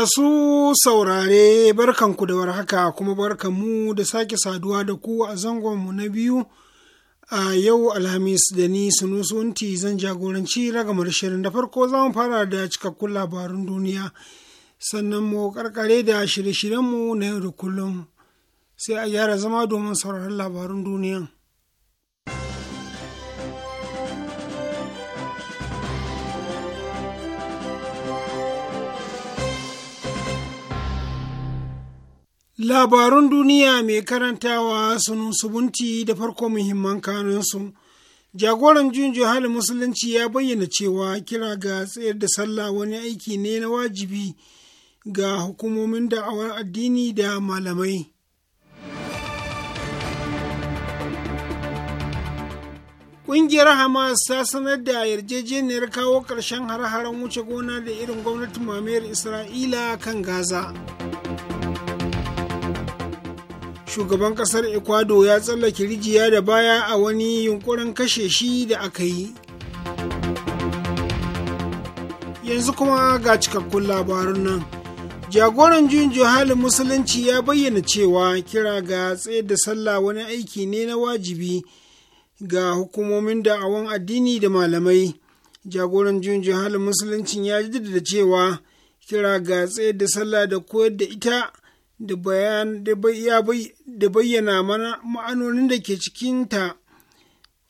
Masu saurare barkanku da warhaka kuma barkanmu da sake saduwa da ku a zangonmu na biyu a yau Alhamis da ni Sunusunti zan jagoranci ragamar shirin da farko za mu fara da cikakkun labarun duniya sannan mu karkare da shirye-shiryenmu na yau da kullum sai a gyara zama domin sauraron labarun duniya. Labarun duniya mai karantawa sun subunti da farko muhimman kanunsu. Jagoran junjo hali musulunci ya bayyana cewa kira ga tsayar da sallah wani aiki ne na wajibi ga hukumomin da'awar addini da malamai. Ƙungiyar Hamas ta sanar da yarjejeniyar kawo ƙarshen har haren wuce gona da irin gwamnatin mamayar Isra'ila kan Gaza. shugaban kasar ecuador ya tsallake rijiya da baya a wani yunkurin kashe shi da aka yi yanzu kuma ga cikakkun labarun nan jagoran juyin halin musulunci ya bayyana cewa kira ga tsayar da sallah wani aiki ne na wajibi ga hukumomin da'awan addini da malamai jagoran juyin halin musulunci ya jaddada cewa kira ga tsayar da sallah da koyar da ita da bayyana mana ma'anonin da ke cikinta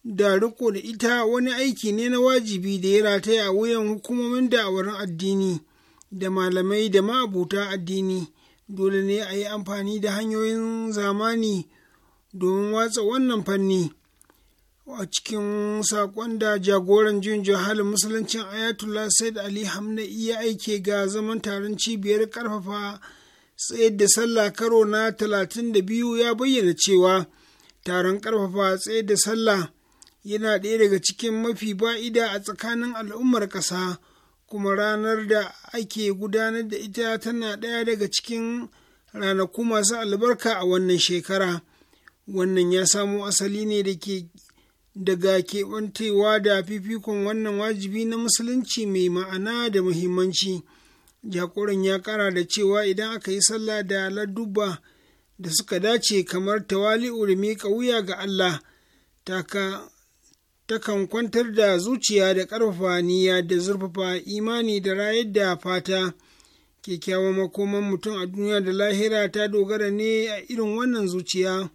da riko da ita wani aiki ne na wajibi da ya rataya a wuyan hukumomin da'awarin addini da malamai da ma'abuta addini dole ne a yi amfani da hanyoyin zamani domin watsa wannan fanni a cikin sakon da jagoran jin halin musuluncin ayatollah said ali hamna iya aike ga zaman taron cibiyar ƙarfafa tsayar da sallah karo na 32 ya bayyana cewa taron ƙarfafa tsayar da sallah yana ɗaya daga cikin mafi ba'ida a tsakanin al'ummar ƙasa kuma ranar da ake gudanar da ita tana ɗaya daga cikin ranaku masu albarka a wannan shekara wannan ya samo asali ne da ke daga keɓantewa da fifikon wannan wajibi na musulunci mai ma'ana da muhimmanci. jakoran ya kara da cewa idan aka yi sallah da ladduba da suka dace kamar tawali'u da miƙa ga Allah ta kan kwantar da zuciya da ƙarfafa niyya da zurfafa imani da rayar da fata kyakkyawan makoman mutum a duniya da lahira ta dogara ne a irin wannan zuciya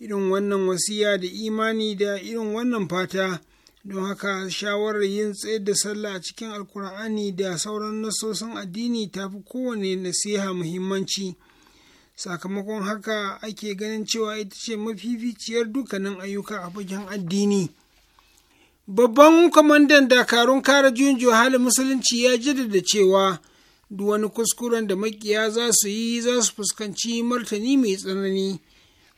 irin wannan wasiya da imani da irin wannan fata don haka shawarar yin tsayar da sallah a cikin alkur'ani da sauran nasosin addini ta fi kowane nasiha muhimmanci sakamakon haka ake ganin cewa ita ce mafificiyar dukkanin ayyuka a fagen addini babban kwamandan dakarun kare juyin juhali musulunci ya jaddada cewa duk wani kuskuren da makiya za su yi za su fuskanci martani mai tsanani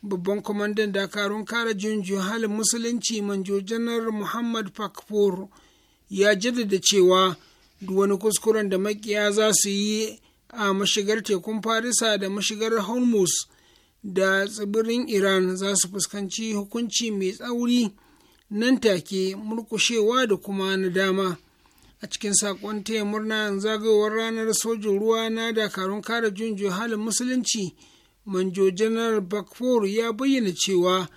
babban kwamandan dakarun kare junjun halin musulunci manjo janar muhammad pakpor ya jaddada cewa duk wani kuskuren da makiya za su yi a mashigar tekun farisa da mashigar hormuz da tsibirin iran za su fuskanci hukunci mai tsauri nan take murkushewa da kuma na dama a cikin saƙon taya murna zagayowar ranar sojin ruwa na dakarun kare junjun halin musulunci manjo janar bakfor ya bayyana cewa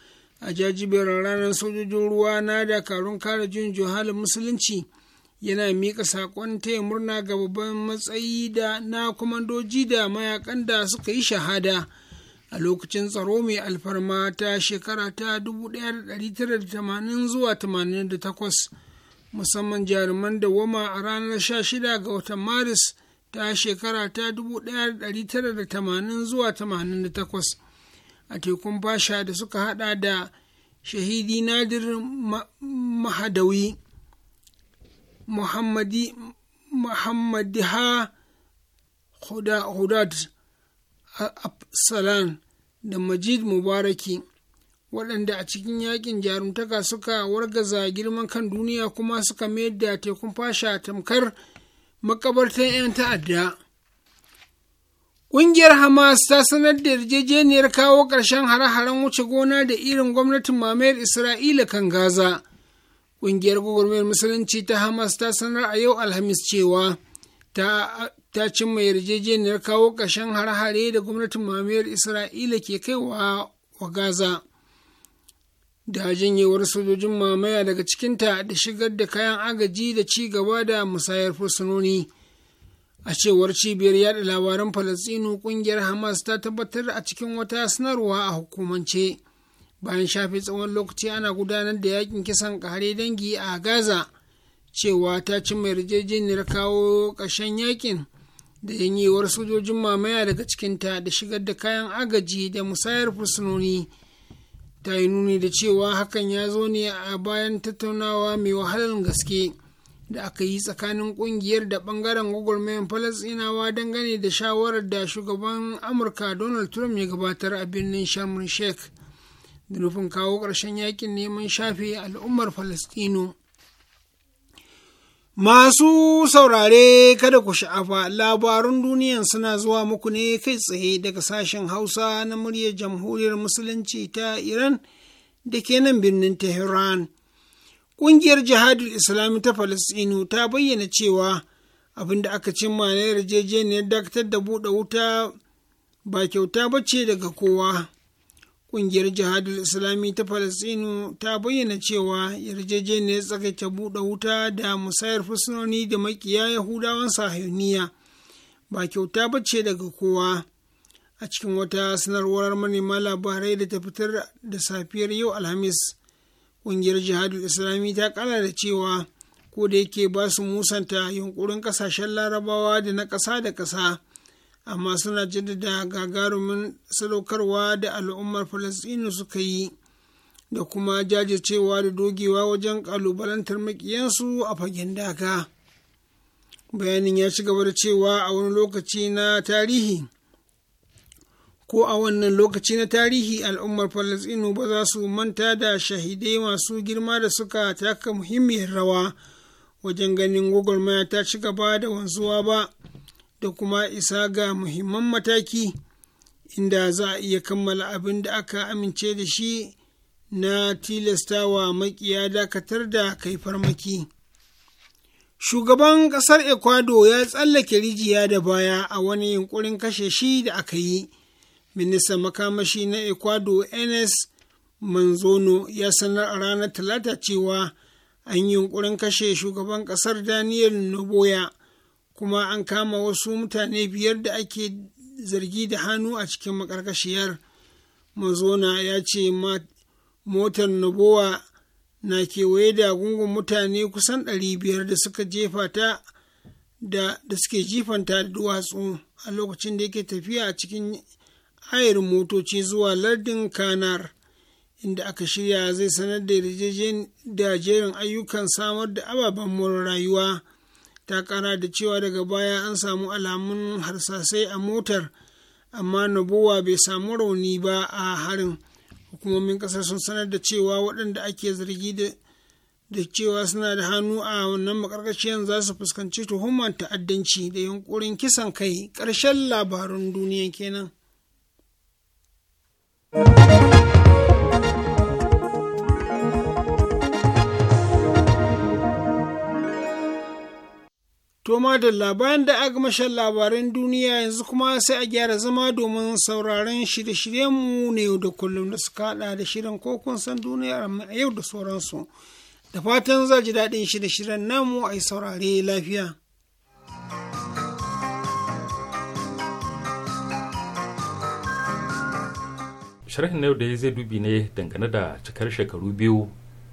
a jajiberin ranar sojojin ruwa na dakarun kare jin juhalin musulunci yana miƙa saƙon taya murna ga babban matsayi da na kwamandoji da mayakan da suka yi shahada a lokacin tsaro mai alfarma ta shekara ta 1980 zuwa 88 musamman jaruman dawama a ranar 16 ga watan maris ta shekara ta 1980 zuwa 88 a tekun fasha da suka hada da shahidi nadir mahadawi muhammadi muhammadiha hudad salan da majid mubaraki waɗanda a cikin yakin jarumtaka suka wargaza girman kan duniya kuma suka mayar da tekun fasha tamkar makabartan 'yan ta'adda. Ƙungiyar Hamas ta sanar da yarjejeniyar kawo ƙarshen hare-haren wuce gona da irin gwamnatin mamayar Isra'ila kan Gaza. Ƙungiyar gwagwarmayar Musulunci ta Hamas ta sanar a yau Alhamis cewa ta, cimma yarjejeniyar kawo ƙarshen hare-hare da gwamnatin mamayar Isra'ila ke kaiwa wa Gaza. da janyewar sojojin mamaya daga cikinta da shigar da kayan agaji da ci gaba da musayar fursunoni a cewar cibiyar yada labaran falastinu kungiyar hamas ta tabbatar a cikin wata sanarwa a hukumance bayan shafe tsawon lokaci ana gudanar da yakin kisan kare dangi a gaza cewa ta ci mai yarjejeniyar kawo ƙarshen yakin da yanyewar sojojin mamaya daga cikinta da shigar da kayan agaji da musayar fursunoni ta yi nuni da cewa hakan ya zo ne a bayan tattaunawa mai wahalar gaske da aka yi tsakanin kungiyar da bangaren gwagwarmayan falasinawa dangane da shawarar da shugaban amurka donald trump ya gabatar a birnin sharm sheikh da nufin kawo ƙarshen yakin neman shafe al'ummar falastino Masu saurare kada ku sha'afa labarun duniyan suna zuwa muku ne kai tsaye daga sashen Hausa na muryar Jamhuriyar Musulunci ta Iran da ke nan birnin Tehran. Ƙungiyar Jihadul Islami ta Falasɗinu ta bayyana cewa abinda aka cimma na yarjejeniyar dakatar da buɗe wuta ba kyauta ba ce daga kowa. Ƙungiyar jihadul Islami ta Falasɗinu ta bayyana cewa yarjejeniyar ta buɗe wuta da musayar fursunoni da makiya Yahudawan sahiyoniya ba kyauta ba ce daga kowa. A cikin wata sanarwar manema labarai da ta fitar da safiyar yau Alhamis, ƙungiyar jihadul Islami ta kala da cewa ko da yake ba su musanta yunkurin kasashen larabawa da na ƙasa da ƙasa. amma suna jaddada gagarumin sadaukarwa da al'ummar falasɗinu suka yi da kuma jajircewa da dogewa wajen ƙalubalantar maƙiyansu a fagen daga bayanin ya ci gaba da cewa a wani lokaci na tarihi ko a wannan lokaci na tarihi al'ummar falasɗinu ba za su manta da shahidai masu girma da suka taka muhimmiyar rawa wajen ganin gwagwarmaya ta ci gaba da wanzuwa ba da kuma isa ga muhimman mataki inda za a iya kammala abin da aka amince da shi na tilastawa makiya dakatar da kai farmaki. Shugaban ƙasar Ecuador ya tsallake rijiya da baya a wani yunkurin kashe shi da aka yi. minista makamashi na Ecuador NS Manzono ya sanar a ranar Talata cewa an yi yunkurin kashe shugaban ƙasar Daniel Noboya. kuma an kama wasu mutane biyar da ake zargi da hannu a cikin makarkashiyar mazona ya ce motar nabowa na kewaye da gungun mutane kusan ɗari biyar da suka jefa ta da suke jifanta da duwatsu a lokacin da yake tafiya a cikin ayar motoci zuwa lardin kanar inda aka shirya zai sanar da jerin ayyukan samar da ababen more rayuwa ta kara da cewa daga baya an samu alamun harsasai a motar amma nabowa bai samu rauni ba a harin hukumomin kasar sun sanar da cewa waɗanda ake zargi da cewa suna da hannu a wannan makarkashiyar za su fuskanci tuhumar ta'addanci da yunkurin kisan kai ƙarshen labarun duniya kenan. To da labaran da aka mashan labaran duniya yanzu kuma sai a gyara zama domin sauraron shirye-shiryenmu na yau da kullum da suka hada da shirin kokon san duniya a yau da sauransu. Da fatan za ji daɗin shirye-shiryen namu a saurare lafiya. Sharhin na yau da zai dubi ne dangane da cikar shekaru biyu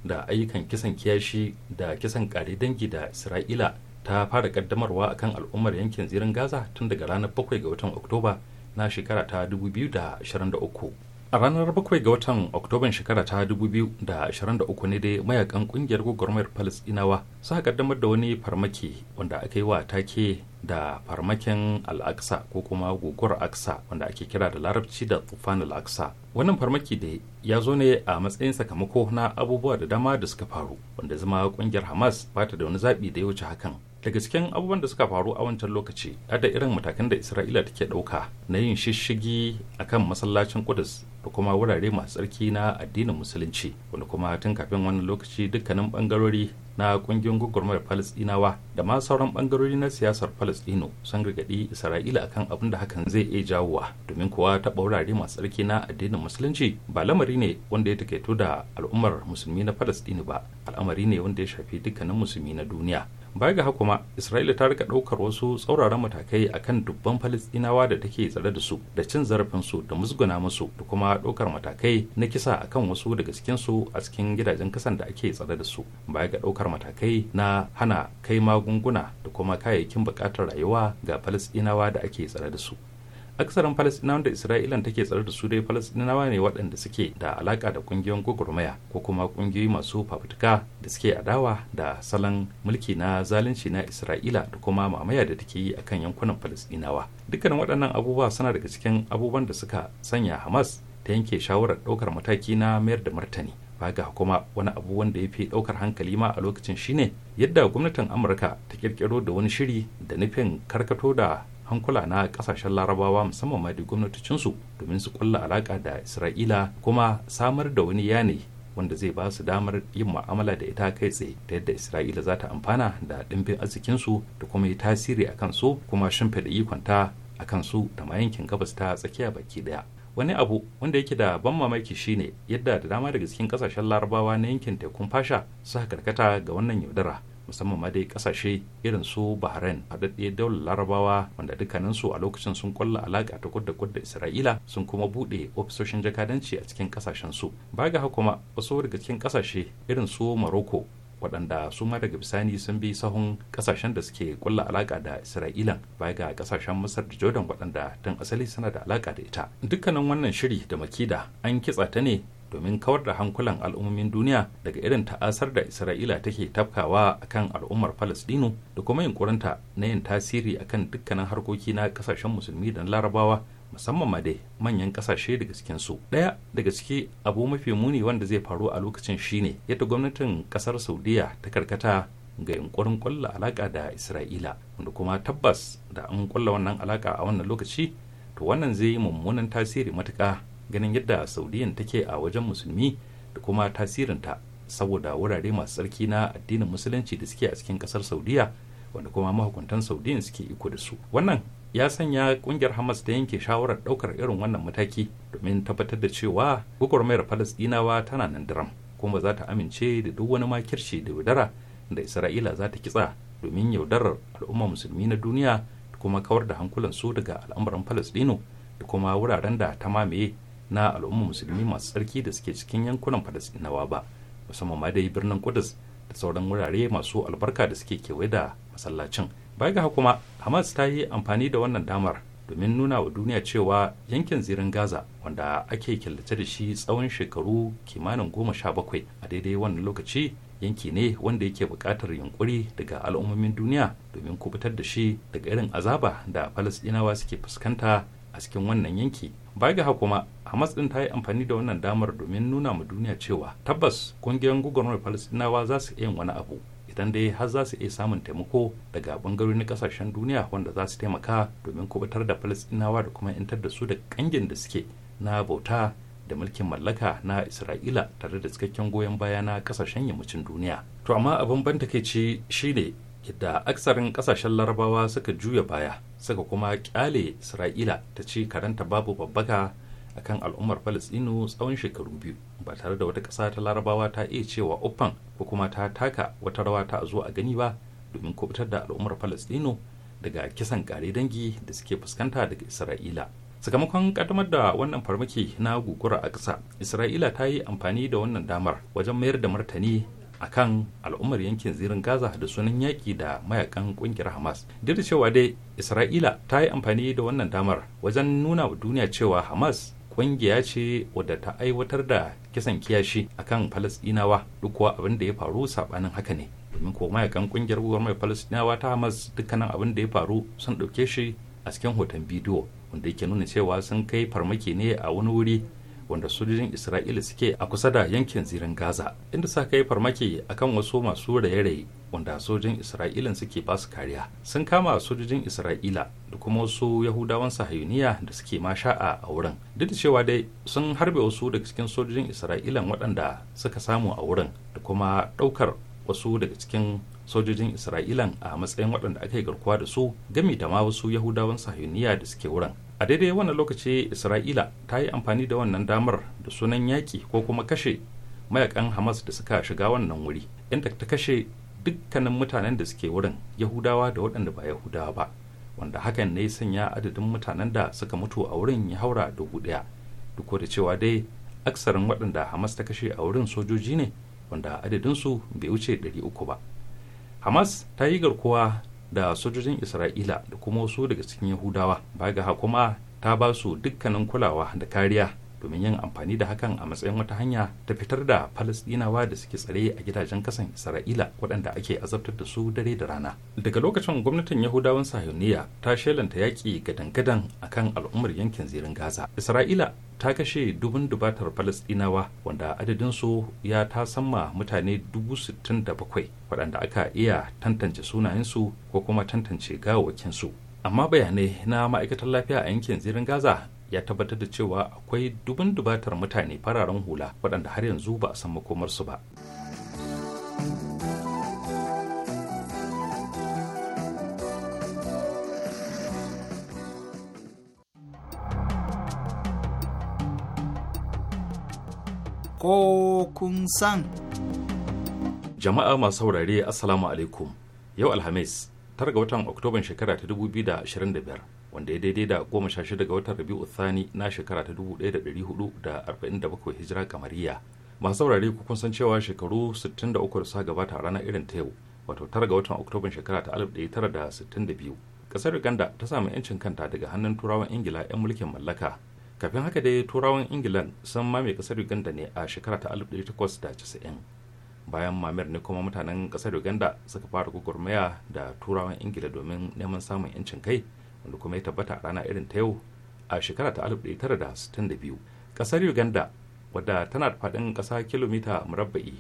da ayyukan kisan kiyashi da kisan ƙare dangi da Isra'ila ta fara kaddamarwa akan al'ummar yankin zirin gaza tun daga ranar 7 ga watan oktoba na shekara ta 2023 a ranar 7 ga watan oktoban shekara ta 2023 ne dai mayakan kungiyar gwagwarmayar palestinawa suka kaddamar da wani farmaki wanda aka yi wa take da farmakin al'aksa ko kuma guguwar aksa wanda ake kira da larabci da tufan al'aksa wannan farmaki da ya zo ne a matsayin sakamako na abubuwa da dama da suka faru wanda zama kungiyar hamas ba ta da wani zaɓi da ya wuce hakan daga cikin abubuwan da suka faru a wancan lokaci da irin matakan da isra'ila take ɗauka na yin shishigi a kan masallacin kudus da kuma wurare masu tsarki na addinin musulunci wanda kuma tun kafin wannan lokaci dukkanin bangarori na kungiyoyin gwagwarmar falasɗinawa da ma sauran bangarori na siyasar falasɗinu sun gargaɗi isra'ila akan abin da hakan zai iya jawowa domin kuwa taɓa wurare masu tsarki na addinin musulunci ba lamari ne wanda ya takaito da al'ummar musulmi na falasɗinu ba al'amari ne wanda ya shafi dukkanin musulmi na duniya baya ga kuma isra'ila ta rika daukar wasu tsauraran matakai akan dubban falistinawa da take tsare da su da cin zarafin su da musguna musu da kuma daukar matakai na kisa akan wasu daga cikin su a cikin gidajen kasan da ake tsare da su baya ga daukar matakai na hana kai magunguna da kuma kayayyakin bukatar rayuwa ga falistinawa da ake tsare da su aksarin falastinawa da isra'ilan take tsare da su dai falasɗinawa ne waɗanda suke da alaƙa da ƙungiyar gwagwarmaya ko kuma ƙungiyoyi masu fafutuka da suke adawa da salon mulki na zalunci na isra'ila da kuma mamaya da take yi a kan yankunan falasɗinawa dukkanin waɗannan abubuwa suna daga cikin abubuwan da suka sanya hamas ta yanke shawarar ɗaukar mataki na mayar da martani ba ga kuma wani abu wanda ya fi ɗaukar hankali ma a lokacin shine yadda gwamnatin amurka ta ƙirƙiro da wani shiri da nufin karkato da kula na kasashen larabawa musamman ma da gwamnatocinsu domin su kulla alaka da isra'ila kuma samar da wani yani wanda zai ba su damar yin mu'amala da ita kai tsaye ta yadda isra'ila za ta amfana da ɗimbin arzikinsu da kuma yi tasiri a kansu kuma shimfiɗa ikonta a kansu da ma yankin gabas ta tsakiya baki ɗaya wani abu wanda yake da ban mamaki shine yadda da dama daga cikin kasashen larabawa na yankin tekun fasha suka karkata ga wannan yaudara musamman ma dai kasashe irin su bahrain haɗaɗɗe daular larabawa wanda su a lokacin sun kwalla alaka ta kudda kudda isra'ila sun kuma buɗe ofisoshin jakadanci a cikin kasashen su ba ga kuma wasu daga cikin kasashe irin su maroko waɗanda su ma daga bisani sun bi sahun kasashen da suke kulla alaka da isra'ilan ba ga kasashen masar da jordan waɗanda tun asali suna da alaka da ita dukkanin wannan shiri da makida an kitsa ta ne domin kawar da hankulan al'ummomin duniya daga irin ta'asar da isra'ila take tafkawa akan al'ummar falastinu da kuma yunkurinta na yin tasiri akan dukkanin harkoki na kasashen musulmi da larabawa musamman ma dai manyan kasashe daga cikin su daya daga ciki abu mafi muni wanda zai faru a lokacin shine yadda gwamnatin kasar saudiya ta karkata ga yunkurin kwalla alaka da isra'ila wanda kuma tabbas da an ƙwalla wannan alaka a wannan lokaci to wannan zai yi mummunan tasiri matuka ganin yadda saudiyan take a wajen musulmi da kuma tasirinta saboda wurare masu tsarki na addinin musulunci da suke a cikin kasar saudiya wanda kuma mahukuntan saudiyan suke iko da su wannan ya sanya kungiyar hamas ta yanke shawarar daukar irin wannan mataki domin tabbatar da cewa gwagwarmayar falasdinawa tana nan diram kuma za ta amince da duk wani makirci da yaudara da isra'ila za ta kitsa domin yaudarar al'umma musulmi na duniya da kuma kawar da hankulansu daga al'amuran falasdino da kuma wuraren da ta mamaye na al'ummar musulmi masu tsarki da suke cikin yankunan falasɗinawa ba musamman ma dai birnin kudus da sauran wurare masu albarka da suke kewaye da masallacin baya ga kuma hamas ta yi amfani da wannan damar domin nuna wa duniya cewa yankin zirin gaza wanda ake killace da shi tsawon shekaru kimanin goma sha bakwai a daidai wannan lokaci yanki ne wanda yake buƙatar yunƙuri daga al'ummomin duniya domin kubutar da shi daga irin azaba da falasɗinawa suke fuskanta a cikin wannan yanki baya ga kuma hamas din ta yi amfani da wannan damar domin nuna ma duniya cewa tabbas kungiyar gugunar falastinawa za su iya wani abu idan dai har za su iya samun taimako daga bangarori na kasashen duniya wanda za su taimaka domin kubutar da falastinawa da kuma 'yantar da su da kangin da suke na bauta da mulkin mallaka na isra'ila tare da cikakken goyon baya na kasashen yammacin duniya to amma abin ban takaici shine yadda aksarin kasashen larabawa suka juya baya suka kuma kyale isra'ila ta ce karanta babu babbaka akan al'ummar Falasɗinu tsawon shekaru biyu ba tare da wata ƙasa ta larabawa ta iya cewa uffan ko kuma ta taka wata rawa ta zo a gani ba domin kubutar da al'ummar Falasɗinu daga kisan kare dangi da suke fuskanta daga Isra'ila. Sakamakon kaddamar da wannan farmaki na gugura a ƙasa, Isra'ila ta yi amfani da wannan damar wajen mayar da martani a kan al'ummar yankin zirin gaza da sunan yaƙi da mayakan ƙungiyar hamas duk da cewa dai isra'ila ta yi amfani da wannan damar wajen nuna wa duniya cewa hamas kungiya ce wadda ta aiwatar da kisan kiyashi akan falasdinawa duk kuwa abin da ya faru saɓanin haka ne domin ko mayakan kungiyar mai falasdinawa ta hamas dukkanin abin da ya faru sun ɗauke shi a cikin hoton bidiyo wanda yake nuna cewa sun kai farmaki ne a wani wuri wanda sojojin isra'ila suke a kusa da yankin zirin gaza inda sa kai farmaki akan wasu masu raye-raye wanda sojojin isra'ila suke ba su kariya sun kama sojojin isra'ila da kuma wasu yahudawan sahayuniya da suke masha a wurin duk da cewa dai sun harbe wasu daga cikin sojojin isra'ila waɗanda suka samu a wurin da kuma ɗaukar wasu daga cikin sojojin isra'ilan a matsayin waɗanda aka yi garkuwa da su gami da ma wasu yahudawan sahayuniya da suke wurin a daidai wannan lokaci isra'ila ta yi amfani da wannan damar da sunan yaƙi ko kuma kashe mayakan hamas da suka shiga wannan wuri inda ta kashe dukkanin mutanen da suke wurin yahudawa da waɗanda ba yahudawa ba wanda hakan ne sanya adadin mutanen da suka mutu a wurin ya haura dubu ɗaya duk da cewa dai aksarin waɗanda hamas ta kashe a wurin sojoji ne wanda adadinsu bai wuce ɗari uku ba hamas ta yi garkuwa da sojojin isra'ila da kuma wasu daga cikin yahudawa ba ga kuma ta ba su dukkanin kulawa da kariya domin yin amfani da hakan a matsayin wata hanya ta fitar da falasdinawa da suke tsare a gidajen kasan isra'ila waɗanda ake azabtar da su dare da rana daga lokacin gwamnatin yahudawan sahiyoniya ta shelanta yaƙi gadan-gadan a kan al'ummar yankin zirin gaza isra'ila ta kashe dubun dubatar falasdinawa wanda adadinsu ya ta samma mutane dubu sittin da bakwai waɗanda aka iya tantance sunayensu ko kuma tantance gawakinsu amma bayanai na ma'aikatar lafiya a yankin zirin gaza ya tabbatar da cewa akwai dubin dubatar mutane fararen hula waɗanda har yanzu ba a san makomarsu ba. Ko kun san. Jama'a masu saurare Assalamu alaikum, yau Alhamis, targa ga watan Oktoban shekara ta 2025. wanda ya daidai da goma sha shida ga watan rabi'u thani na shekara ta dubu ɗaya da ɗari hudu da arba'in da bakwai hijira kamariya masu saurare ku kun san cewa shekaru sittin da uku da suka gabata a ranar irin ta yau wato tara ga watan oktoban shekara ta alif ɗaya tara da sittin da biyu ƙasar uganda ta samu yancin kanta daga hannun turawan ingila 'yan mulkin mallaka kafin haka dai turawan ingilan sun mame ƙasar uganda ne a shekara ta alif ɗaya takwas da casa'in bayan mamayar ne kuma mutanen ƙasar uganda suka fara gwagwarmaya da turawan ingila domin neman samun yancin kai wanda kuma ya tabbata a rana irin ta yau a shekara ta 1962 kasar uganda wadda tana da faɗin ƙasa kilomita murabba'i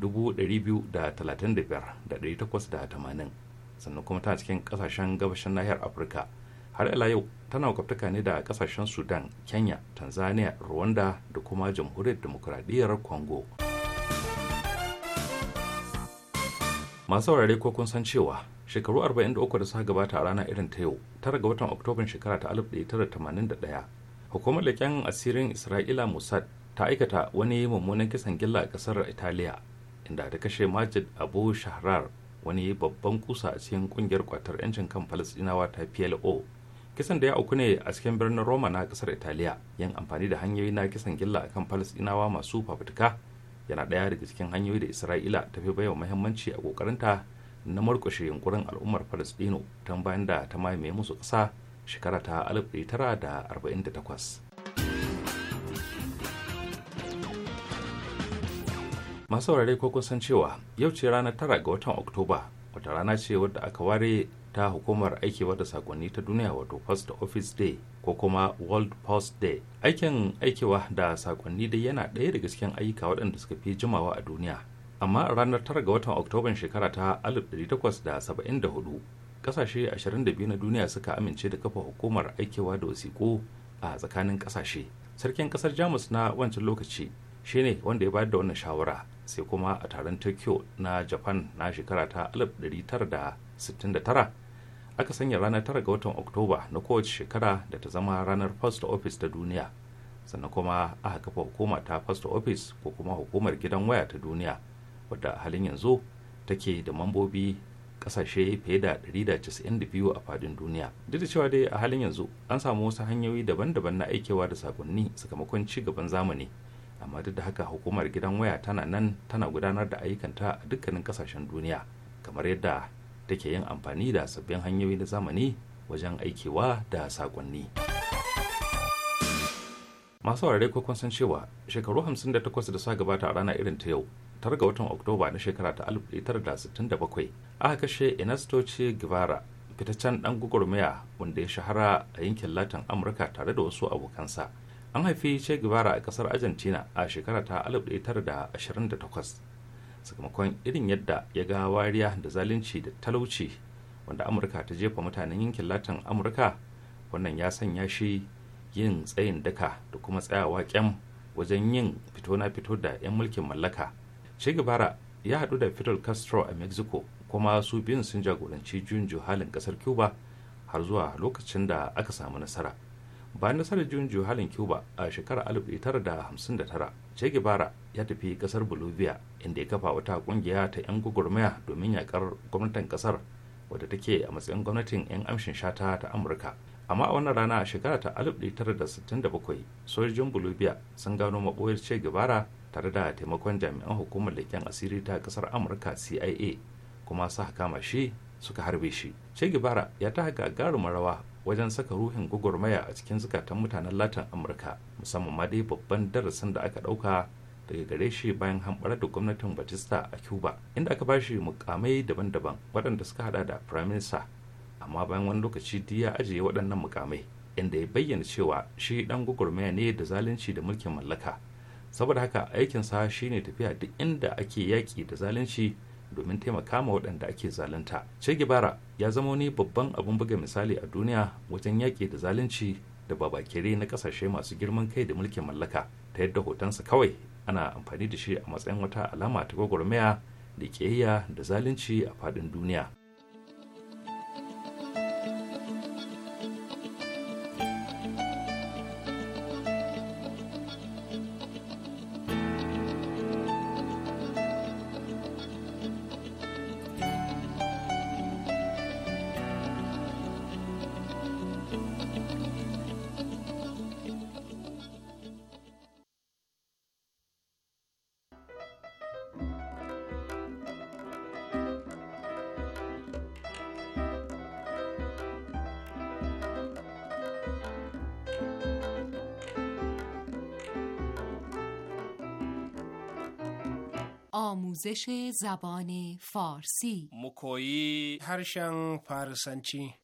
235,880 sannan kuma tana cikin ƙasashen gabashin nahiyar afirka har ila yau tana kwaftaka ne da ƙasashen sudan kenya tanzania rwanda da kuma jamhuriyar demokuraɗiyyar kongo. masu saurare ko kun san cewa shekaru 43 da suka gabata a rana irin ta yau tara ga watan oktoban shekara ta 1981 hukumar leken asirin isra'ila mossad ta aikata wani mummunan kisan gilla a kasar italiya inda ta kashe majid abu shahrar wani babban kusa a cikin kungiyar kwatar 'yancin kan falasdinawa ta plo kisan da ya auku ne a cikin birnin roma na kasar italiya yin amfani da hanyoyi na kisan gilla a kan falasdinawa masu fafutuka yana ɗaya daga cikin hanyoyi da isra'ila ta fi baiwa muhimmanci a kokarinta na murkushe yunkurin al'ummar palestino tun bayan da ta mamaye musu ƙasa shekara ta 1948 masu saurare ko kun san cewa yau ce ranar tara ga watan oktoba wata rana ce wadda aka ware ta hukumar aiki wadda sakonni ta duniya wato post office day ko kuma world post day aikin aikewa da sakonni dai yana ɗaya daga cikin ayyuka waɗanda suka fi jimawa a duniya amma ranar 9 ga watan oktoban shekara ta 1874 kasashe 22 na duniya suka amince da kafa hukumar aikewa da wasiƙo a tsakanin kasashe sarkin kasar jamus na wancan lokaci shine wanda ya bayar da wannan shawara sai kuma a taron tokyo na japan na shekara ta 1969 aka sanya ranar 9 ga watan oktoba na kowace shekara da ta zama ranar post office ta duniya sannan kuma aka kafa hukuma ta post office ko kuma hukumar gidan waya ta duniya wadda a halin yanzu take da mambobi kasashe fiye da 192 a fadin duniya duk da cewa dai a halin yanzu an samu wasu hanyoyi daban-daban na aikewa da sakonni sakamakon ci gaban zamani amma duk da haka hukumar gidan waya tana nan tana gudanar da ayyukanta a dukkanin kasashen duniya kamar yadda take yin amfani da sabbin hanyoyi na zamani wajen aikewa da sakonni masu wurare kun san cewa shekaru 58 da suka gabata a rana irin ta yau tar ga watan oktoba na shekara ta 1967 aka kashe ernesto che guevara fitaccen dan gugurmaya wanda ya shahara a yankin latin amurka tare da wasu abokansa an haifi che guevara a kasar argentina a shekara ta 1928 sakamakon irin yadda ya ga wariya da zalunci da talauci wanda amurka ta jefa mutanen yankin latin amurka wannan ya sanya shi yin tsayin daka da kuma tsayawa kyam wajen yin fito na fito da 'yan mulkin mallaka Che Guevara ya haɗu da Fidel Castro a Mexico kuma su biyun sun jagoranci juyin juhalin ƙasar Cuba har zuwa lokacin da aka samu nasara. Bayan nasarar juyin juhalin Cuba a shekarar 1959, Che Guevara ya tafi ƙasar Bolivia inda ya kafa wata ƙungiya ta 'yan gwagwarmaya domin yakar gwamnatin ƙasar wadda take a matsayin gwamnatin 'yan amshin shata ta Amurka. amma a wannan rana a shekara ta 1967 sojojin bolivia sun gano maɓoyar che guevara tare da taimakon jami'an hukumar leƙen asiri ta ƙasar amurka cia kuma su kama shi suka harbe shi che guevara ya ta gagarumin rawa wajen saka ruhin gwagwarmaya a cikin zukatan mutanen latin amurka musamman ma dai babban darasin da aka ɗauka daga gare shi bayan hamɓarar da gwamnatin batista a cuba inda aka bashi mukamai daban-daban waɗanda suka hada da firaminista amma bayan wani lokaci duk ya ajiye waɗannan mukamai inda ya bayyana cewa shi ɗan gwagwarmaya ne da zalunci da mulkin mallaka saboda haka aikinsa shine tafiya duk inda ake yaƙi da zalunci domin taimaka ma waɗanda ake zalunta che guevara ya zama wani babban abin buga misali a duniya wajen yaƙi da zalunci da babakere na ƙasashe masu girman kai da mulkin mallaka ta yadda hotonsa kawai ana amfani da shi a matsayin wata alama ta gwagwarmaya da ƙiyayya da zalunci a faɗin duniya آموزش زبان فارسی harshen هرشن فارسنچی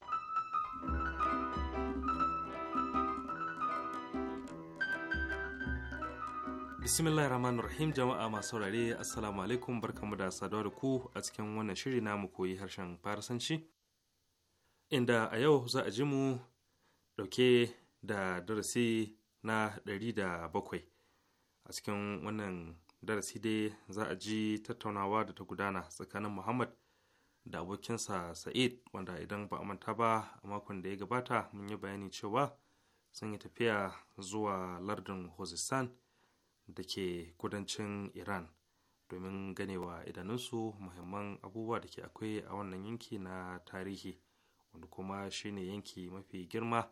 bismillah rahman rahim jama'a masu saurare assalamu alaikum barkamu da saduwa da ku a cikin wannan shiri na mu koyi harshen farisanci inda a yau za a ji mu dauke da darasi na 107 a cikin wannan darasi dai za a ji tattaunawa da ta gudana tsakanin muhammad da abokinsa sa'id wanda idan ba a manta ba a makon da ya gabata mun yi bayani cewa sun yi tafiya zuwa lardin hosistan da ke kudancin iran domin ganewa idanunsu muhimman abubuwa da ke akwai a wannan yanki na tarihi wanda kuma shine yanki mafi girma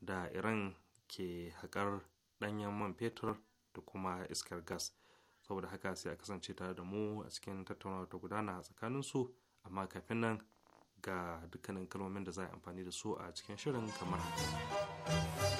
da iran ke haƙar ɗanyen man fetur da kuma iskar gas saboda haka sai a kasance tare da mu a cikin tattaunawa ta gudana tsakanin su amma kafin nan ga dukkanin kalmomin da za a amfani da su a cikin shirin kamar haka.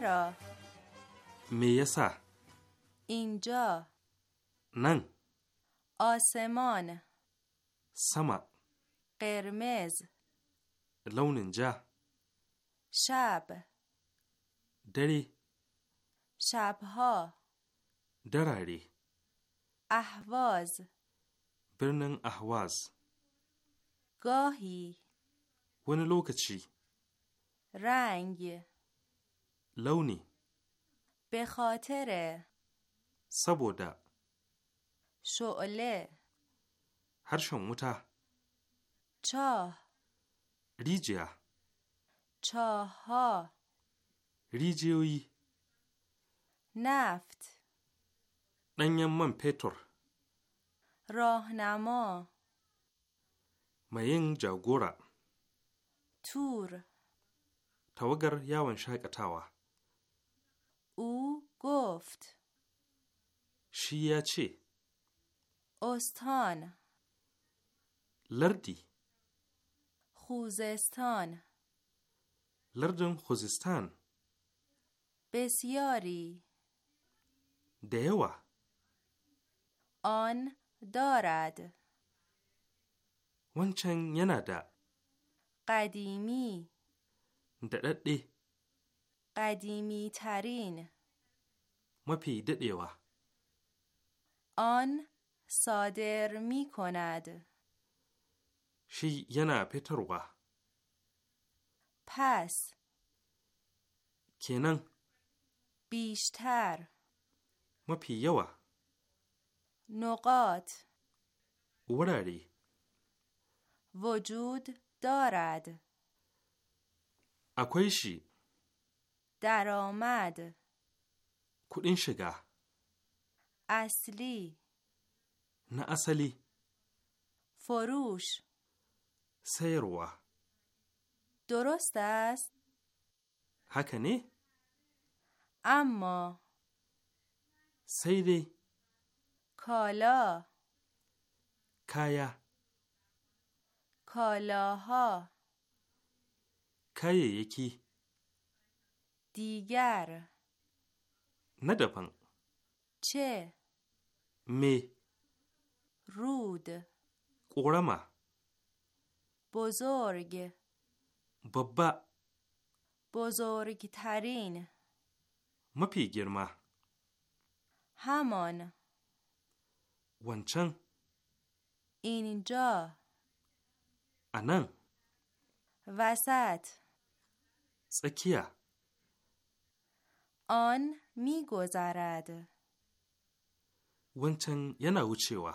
Kera. Me yasa? Inja. Nan. Osemon. Sama. Ƙirmez. Launin ja. Shab. Dare. Shabha. Darare. Ahwaz. Birnin Ahwaz. Gohi. Wani lokaci. Rang. Launi. Bekotere. saboda da. Shole. Harshen wuta. Co. Rijiya. Coho. Rijiyoyi. Naft. Danyen man fetur. Ronamu. Ma yin jagora. Tur. Tawagar yawon shaƙatawa. گفت شیاچی استان لردی خوزستان لردم خوزستان بسیاری دیوه آن دارد ونچن ینادا قدیمی دردی قدیمی ترین مپی ددیوه آن صادر می کند شی ینا پتروه پس کنن بیشتر مپی یوه نقاط وراری وجود دارد اکویشی درآمد کدین شگه اصلی نه اصلی فروش سیروا. درست است هکنی؟ اما سیدی کالا کایا کالاها کای یکی دیگر na daban. Ce. Me. Rud. Ƙorama. Bozorg. Babba. Bozorgitarin. Mafi girma. Hamon. Wancan. Ininja. A nan. Vasat. Tsakiya. On. میگذرد ونچن ینا وچیوا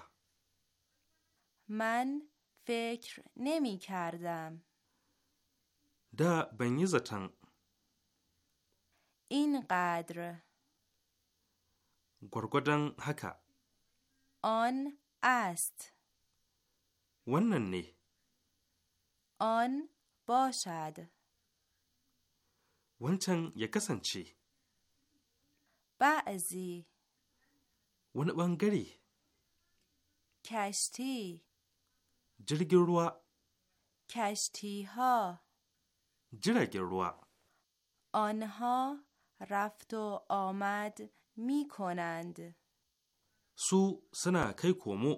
من فکر نمی کردم دا بنی زتن اینقدر گرگدن هکا آن است ونن نه آن باشد ونچن یکسن چی بعضی ون ɓangare کشتی جرگروا کشتی ها جرگن آنها رفت و آمد می کنند سو سنا کی کومو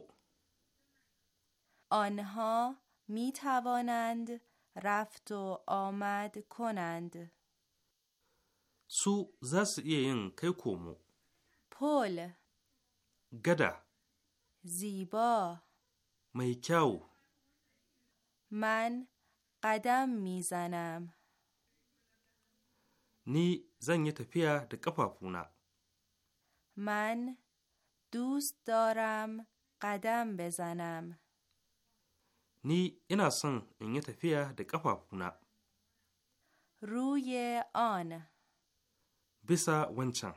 آنها می توانند رفت و آمد کنند su za su iya yin kai komo. Paul. Gada. Ziba. Mai kyau. Man ƙadam mizanam. Ni zan yi tafiya da ƙafafuna. Man dus-doram ƙadam bezanam. Ni ina son in yi tafiya da ƙafafuna. Ruye on. bisa wancan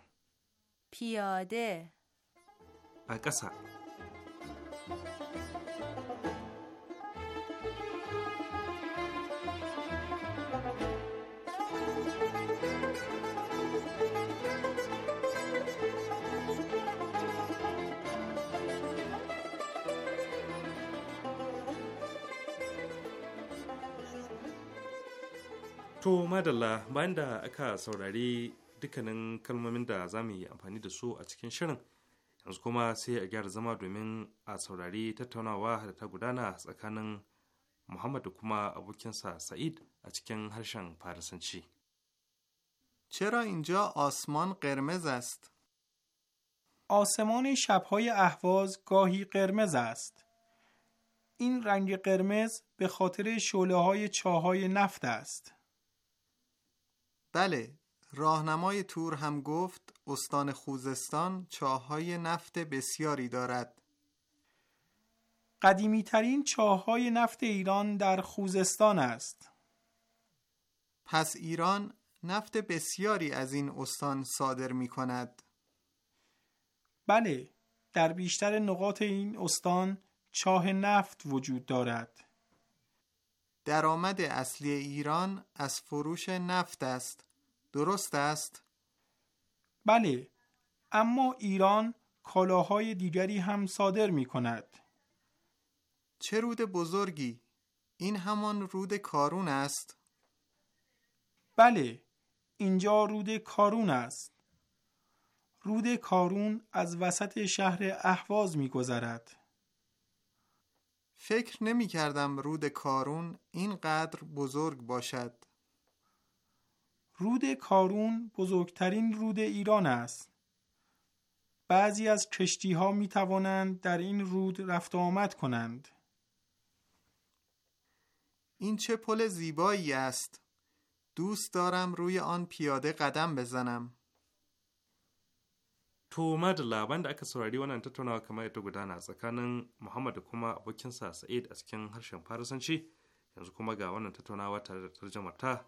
piyade a ƙasa To madalla bayan da aka saurari dukkanin kalmomin da za mu yi amfani da su a cikin shirin yanzu kuma sai a gyara zama domin a saurari tattaunawa da ta gudana tsakanin muhammad da kuma abokinsa sa'id a cikin harshen farisanci چرا اینجا آسمان قرمز است؟ آسمان شبهای ahvaz گاهی قرمز است. این رنگ قرمز به خاطر شعله های چاهای نفت است. بله، راهنمای تور هم گفت استان خوزستان چاههای نفت بسیاری دارد. قدیمی ترین چاههای نفت ایران در خوزستان است. پس ایران نفت بسیاری از این استان صادر می کند. بله، در بیشتر نقاط این استان چاه نفت وجود دارد. درآمد اصلی ایران از فروش نفت است درست است؟ بله اما ایران کالاهای دیگری هم صادر می کند چه رود بزرگی؟ این همان رود کارون است؟ بله اینجا رود کارون است رود کارون از وسط شهر اهواز می گذرد. فکر نمی کردم رود کارون اینقدر بزرگ باشد. رود کارون بزرگترین رود ایران است. بعضی از کشتی ها می توانند در این رود رفت آمد کنند. این چه پل زیبایی است. دوست دارم روی آن پیاده قدم بزنم. تو مد لابند اک سرادی وانا انتتونا کما ایتو محمد کوما ابو چنسا سعید از کن هر شمپارسن چی. یا یعنی زکوما گاوان انتتونا واتر ترجمه تا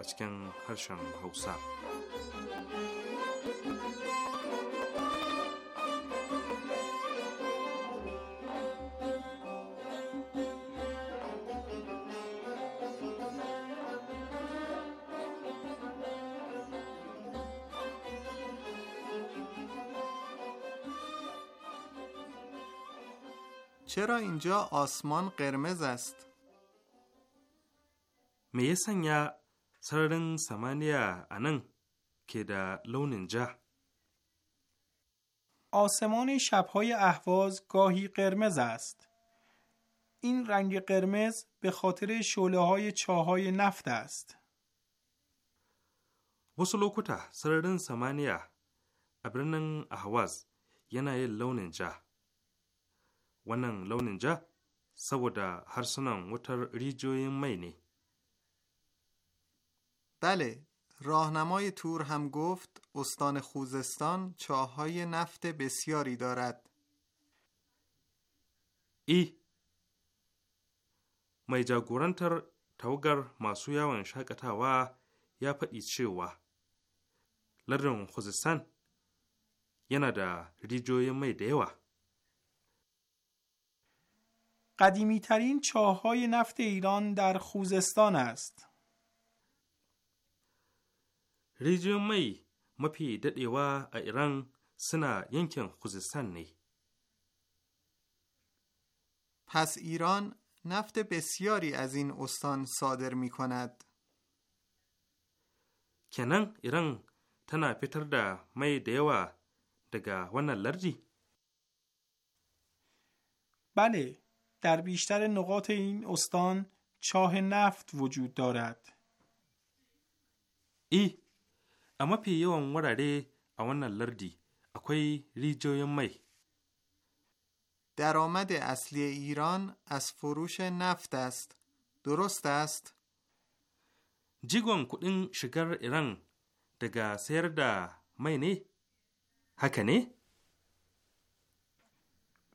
اچکن چرا اینجا آسمان قرمز است؟ میسن یا sararin samaniya a nan ke da launin ja. آسمان شبهای احواز گاهی قرمز است. این رنگ قرمز به خاطر شوله های چاهای نفت است. بسلو کتا سردن سمانیا ابرنن احواز ینا یه لونن جا. ونن لونن جا سودا هرسنان وطر ریجوی مینی. بله راهنمای تور هم گفت استان خوزستان چاهای نفت بسیاری دارد ای میجا گورنتر توگر ماسو و انشاکتا یا پا و لرن خوزستان یانا دا ریجوی میده و قدیمی ترین چاهای نفت ایران در خوزستان است. rijiyoyin mai mafi daɗewa a Iran suna yankin Khuzestan ne. پس ایران نفت بسیاری از این استان صادر می کند. کنن ایران تنا پیتر دا می دیوا دگا ون لرژی؟ بله، در بیشتر نقاط این استان چاه نفت وجود دارد. ای A mafi yawan wurare a wannan lardi akwai rijiyoyin mai. درآمد اصلی ایران از فروش نفت است. درست است؟ جیگون کدین شگر ایران دگا سیر دا نی؟ نه؟ نی؟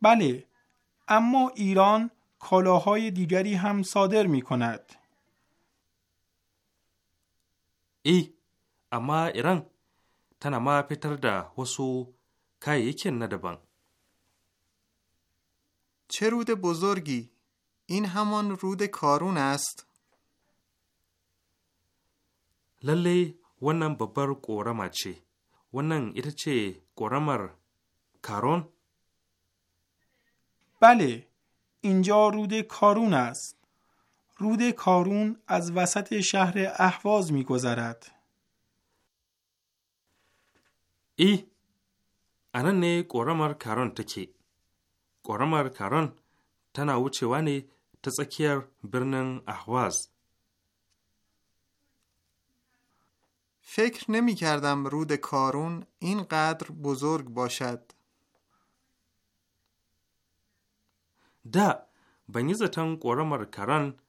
بله، اما ایران کالاهای دیگری هم صادر می کند. ای اما ایران tana ma fitar da wasu kayayyakin na daban. چه رود بزرگی؟ این همان رود کارون است. لله wannan ببر ƙorama ce, wannan ita ce ƙoramar کارون؟ بله، اینجا رود کارون است. رود کارون از وسط شهر اهواز گذرد، ای e, a ƙoramar karon take ƙoramar karon tana wucewa ne ta tsakiyar birnin ahwaz فکر نمی کردم رود کارون اینقدر بزرگ باشد. دا ban yi zaton ƙoramar karon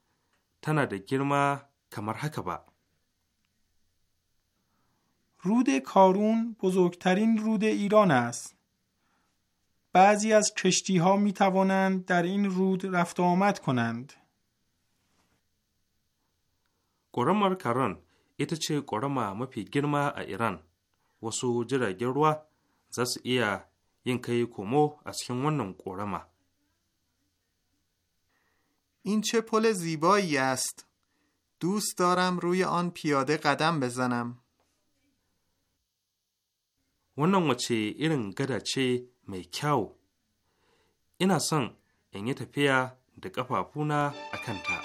tana da girma kamar haka ba. رود کارون بزرگترین رود ایران است. بعضی از کشتی ها می توانند در این رود رفت آمد کنند. گرمار کران ایتا چه گرم مپی گرما ایران وسو جراغی گروه زس ایا این kai کومو از wannan این چه پل زیبایی است. دوست دارم روی آن پیاده قدم بزنم. wannan wace irin gada ce mai kyau ina son in yi tafiya da ƙafafuna a kanta.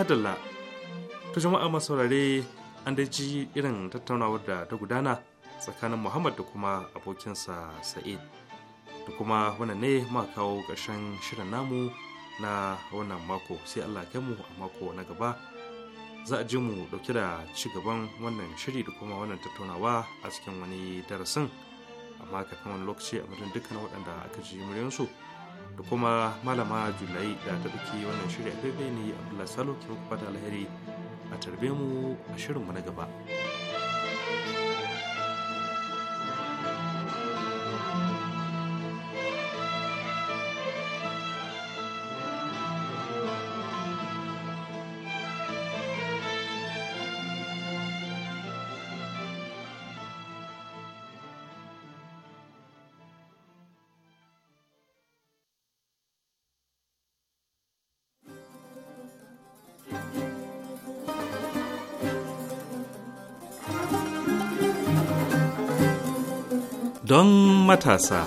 madalla ta jama'a masu saurare an da ji irin tattaunawar da ta gudana tsakanin muhammad da kuma abokinsa sa'id da kuma wannan ne ma kawo ƙarshen shirin namu na wannan mako sai allah ya mu a mako na gaba za a ji mu ɗauki da ci gaban wannan shiri da kuma wannan tattaunawa a cikin wani darasin amma kafin wani lokaci a mutum dukkan waɗanda aka ji muryansu su da kuma malama julai da ta ɗauki wannan shirya faifai ne abdullahi salo ke muku alheri a tarbe mu a shirinmu na gaba. don matasa.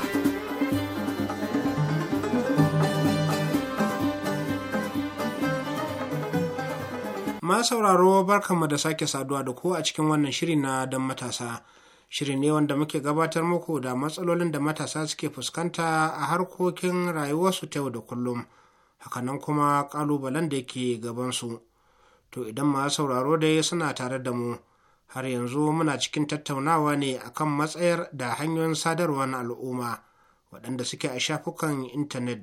Ma sauraro barkanmu da sake saduwa da ku a cikin wannan shiri na don matasa. Shiri ne wanda muke gabatar muku da matsalolin da matasa suke fuskanta a harkokin rayuwarsu ta yau da kullum, hakanan kuma ƙalubalen da ke gabansu. To idan ma sauraro dai suna tare da mu. har yanzu muna cikin tattaunawa ne akan matsayar da hanyoyin sadarwa na al'umma waɗanda suke a shafukan intanet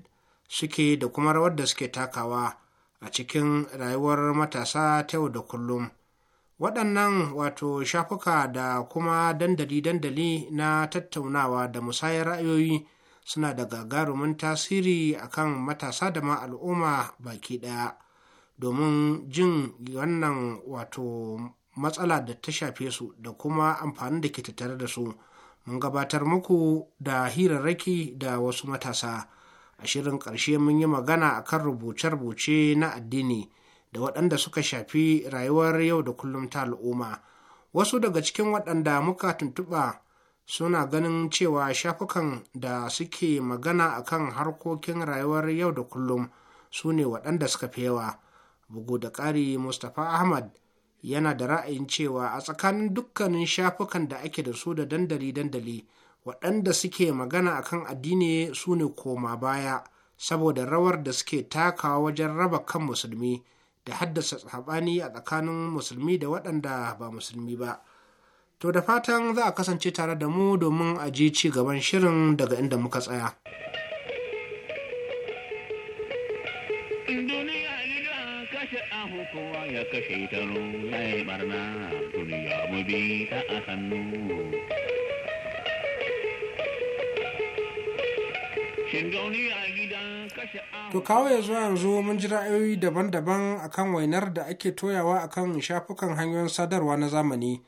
suke da kuma rawar da suke takawa a cikin rayuwar matasa ta yau da kullum waɗannan wato shafuka da kuma dandali-dandali na tattaunawa da musayar ra'ayoyi suna da gagarumin tasiri akan matasa da ma al'umma baki ɗaya domin jin wannan wato matsala da ta shafe su da kuma amfani da ke tattare da su mun gabatar muku da hirarraki da wasu matasa a shirin ƙarshe mun yi magana a kan rubuce-rubuce na addini da waɗanda suka shafi rayuwar yau da kullum ta al'umma wasu daga cikin waɗanda muka tuntuɓa suna ganin cewa shafukan da suke magana a kan harkokin rayuwar yau da kullum su ne waɗanda suka fi yawa bugu da ƙari mustapha ahmad yana da ra'ayin cewa a tsakanin dukkanin shafukan da ake da su da dandali-dandali waɗanda suke magana a kan addini su ne koma baya saboda rawar da suke takawa wajen raba kan musulmi da haddasa saɓani a tsakanin musulmi da waɗanda ba musulmi ba to da fatan za a kasance tare da mu domin a ji ci gaban shirin daga inda muka tsaya. kowa ya kashe taro ya yi barna duniya mu bi ta a sannu To kawo ya zuwa yanzu mun ji ra'ayoyi daban-daban akan wainar da ake toyawa akan shafukan hanyoyin sadarwa na zamani.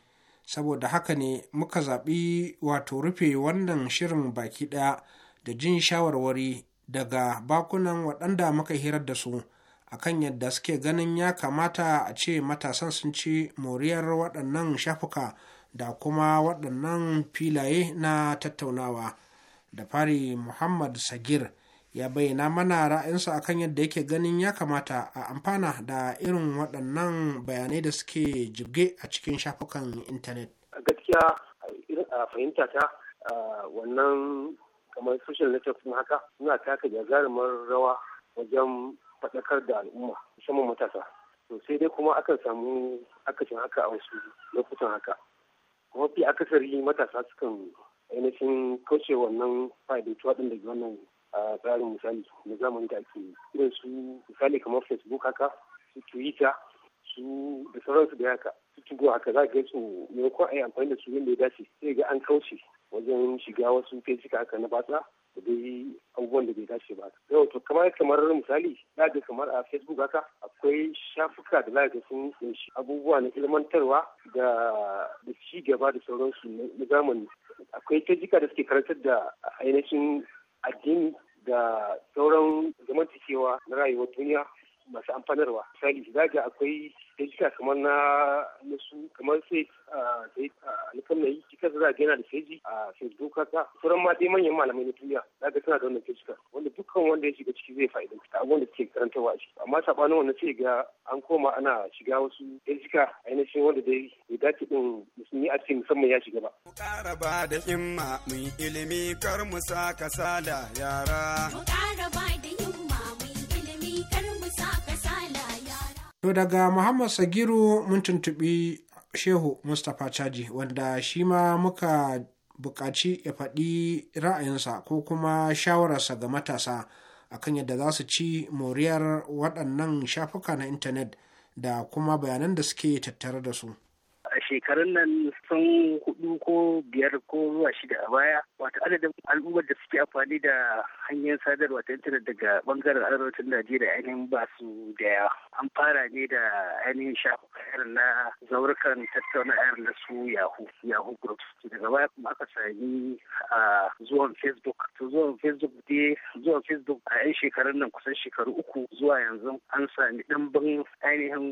Saboda haka ne muka zaɓi wato rufe wannan shirin baki ɗaya da jin shawarwari daga bakunan waɗanda muka hirar da su. akan yadda suke ganin ya kamata a ce matasan sun ci moriyar waɗannan shafuka da kuma waɗannan filaye na tattaunawa da fari muhammad sagir ya bayyana mana ra'ayinsa akan yadda yake ganin ya kamata a amfana da irin waɗannan bayanai da suke jirge a cikin shafukan intanet gaskiya a fahimta ta wannan kamar social network haka suna taka jagarumar rawa wajen faɗakar da al'umma musamman matasa to sai dai kuma akan samu akasin haka a wasu lokutan haka kuma fi akasari matasa sukan ainihin kauce wannan fa'idaituwa ɗin daga wannan tsarin misali na zamani da ake irin su misali kamar facebook haka su twitter su da sauransu da haka su tugo haka za ga su maimakon a yi amfani da su yadda ya dace sai ga an kauce wajen shiga wasu fesuka haka na batsa da dai abubuwan da bai dace ba yau to kamar kamar misali na ga kamar a facebook haka akwai shafuka da za sun kunshi abubuwa na ilmantarwa da da ci gaba da sauransu na zamani akwai tajika da suke karantar da ainihin addini da sauran zamantakewa na rayuwar duniya masu amfanarwa misali zaga akwai dajika kamar na nasu kamar sai alkan mai kika za a gina da feji a facebook haka sauran ma dai manyan malamai na duniya zaga suna da wannan dajika wanda dukkan wanda ya shiga ciki zai fa'idan ta abubuwan da suke karantarwa a ciki amma sabanin wannan sai ga an koma ana shiga wasu dajika ainihin wanda dai bai dace din musulmi a cikin musamman ya shiga ba. Mu ƙara ba da himma mu ilimi kar mu sa kasala yara. Mu ƙara ba da himma. To daga Muhammad Sagiru mun tuntuɓi Shehu Mustapha chaji wanda shi ma muka buƙaci ya faɗi ra'ayinsa ko kuma shawararsa ga matasa akan yadda za su ci moriyar waɗannan shafuka na intanet da kuma bayanan da suke tattare da su. shekarun nan sun hudu ko biyar ko zuwa shida a baya Wata adadin al'ummar da suke amfani da hanyar sadarwa ta intanet daga bangaren arewacin najeriya ainihin ba su da yawa an fara ne da ainihin shafukan na zaurukan tattauna ayar na su yahoo yahoo groups daga baya kuma aka sami a zuwan facebook to zuwan facebook dai zuwan facebook a yan shekarun nan kusan shekaru uku zuwa yanzu an sami ɗimbin ainihin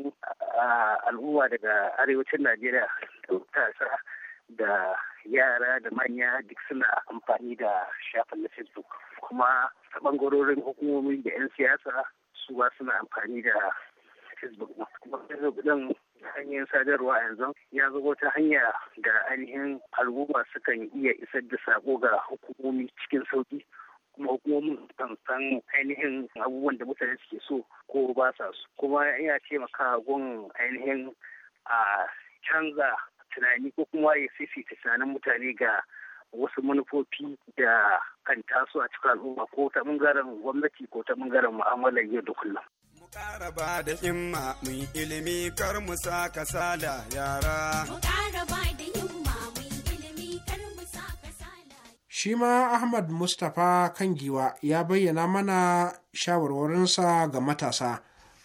al'umma daga arewacin najeriya da matasa da yara da manya duk suna amfani da shafin na facebook kuma ta bangarorin hukumomi da 'yan siyasa su ba suna amfani da facebook kuma facebook din hanyar sadarwa yanzu ya zama ta hanya da ainihin al'umma sukan iya isar da sako ga hukumomi cikin sauki kuma hukumomin kan san ainihin abubuwan da mutane suke so ko ba sa su kuma ina taimaka gun ainihin a ah, canza tunani ko kuma ya fifita tunanin mutane ga wasu manufofi da kan taso a cikin al'umma ko ta bangaren gwamnati ko ta bangaren mu'amalar yau da kullum. Mu ƙara ba da himma mu yi ilimi kar mu sa kasala yara. Mu ba da himma ilimi kar mu sa kasala. Shi ma Ahmad Mustapha Kangiwa ya bayyana mana shawarwarinsa ga matasa.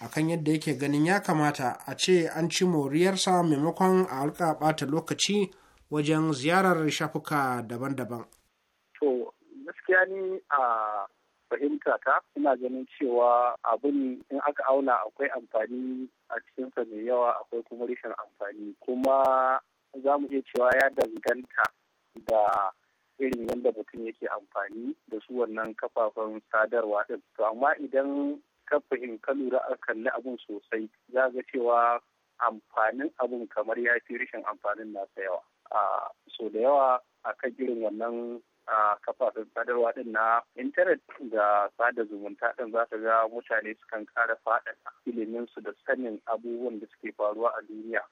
akan yadda yake ganin ya kamata a ce an ci moriyarsa maimakon a alka bata lokaci wajen ziyarar shafuka daban-daban. To, gaskiya ni a fahimta ta ina ganin cewa abin in aka auna akwai amfani a cikinsa mai yawa akwai kuma rashin amfani kuma za mu iya cewa ya danganta da irin yadda mutum yake amfani da su wannan kafafen sadarwa din to amma idan ka fahim ka lura a kalli abun sosai za ga cewa amfanin abun kamar ya fi rashin amfanin nasa yawa a so da yawa a kan irin wannan a kafafen sadarwa din na intanet da sada zumunta din za ta ga mutane sukan kara faɗaɗa iliminsu da sanin abubuwan da suke faruwa a duniya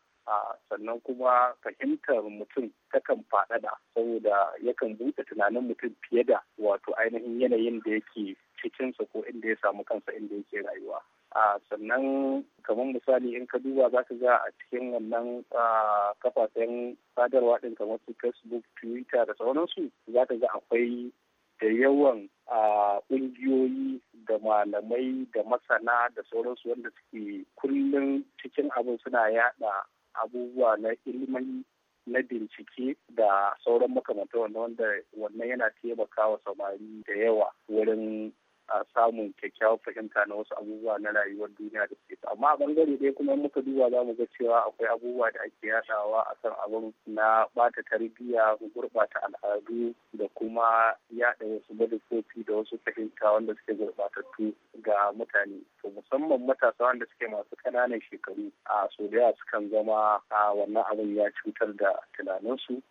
sannan kuma fahimtar mutum takan faɗaɗa saboda yakan buɗe tunanin mutum fiye da wato ainihin yanayin da yake cikinsa ko inda ya samu kansa inda yake rayuwa a sannan kamar misali in ka duba za ka ga a cikin wannan kafafen sadarwa ɗin kamar su facebook twitter da sauransu za ka ga akwai da yawan ƙungiyoyi da malamai da masana da sauransu wanda suke kullum cikin abin suna yaɗa. abubuwa na ilimin na bincike da sauran makamantar wanda wannan yana taimakawa samari da yawa wurin a samun kyakkyawar fahimta na wasu abubuwa na rayuwar duniya da ke. amma a bangare dai kuma muka duba za mu ga cewa akwai abubuwa da ake yadawa a kan abin na bata tarbiyya gurɓata al'adu da kuma yada wasu madafofi da wasu fahimta wanda suke gurbatattu ga mutane to musamman matasa wanda suke masu ƙananan shekaru a so da sukan zama a wannan abin ya cutar da tunaninsu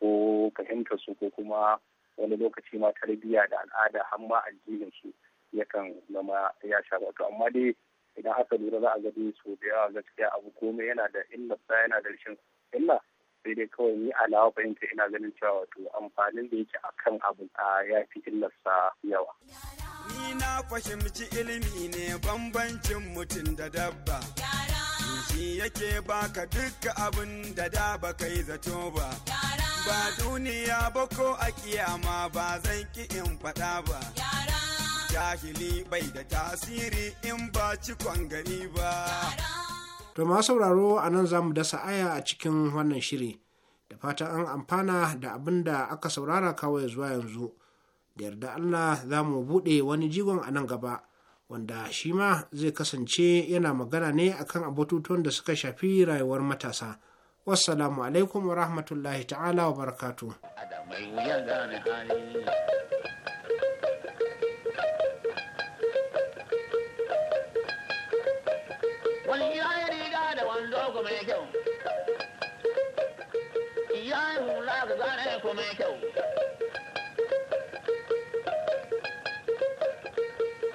ko su ko kuma wani lokaci ma tarbiyya da al'ada har ma addinin shi yakan zama ya sha wato amma dai idan aka lura za a ga dai so da yawa gaskiya abu komai yana da illa yana da rashin illa sai dai kawai ni alawa fahimta ina ganin cewa wato amfanin da yake akan abu a ya fi illarsa yawa. Ni na fahimci ilimi ne bambancin mutum da dabba. Shi yake baka dukkan abin da da baka yi zato ba. Ba duniya ba ko a kiyama ba zan ki in faɗa ba. Jahili bai da tasiri in ba cikon gani ba. To ma sauraro a nan za mu dasa aya a cikin wannan shiri. Da fatan an amfana da abin da aka saurara kawai zuwa yanzu. Da yarda Allah za mu buɗe wani jigon a nan gaba. Wanda shi ma zai kasance yana magana ne akan batutuwan da suka shafi rayuwar matasa. wassalamu alaikum wa rahmatullahi ta'ala wa barakatu wani ya yi riga da wando kuma ya kyau ya yi hula ga gane kuma ya kyau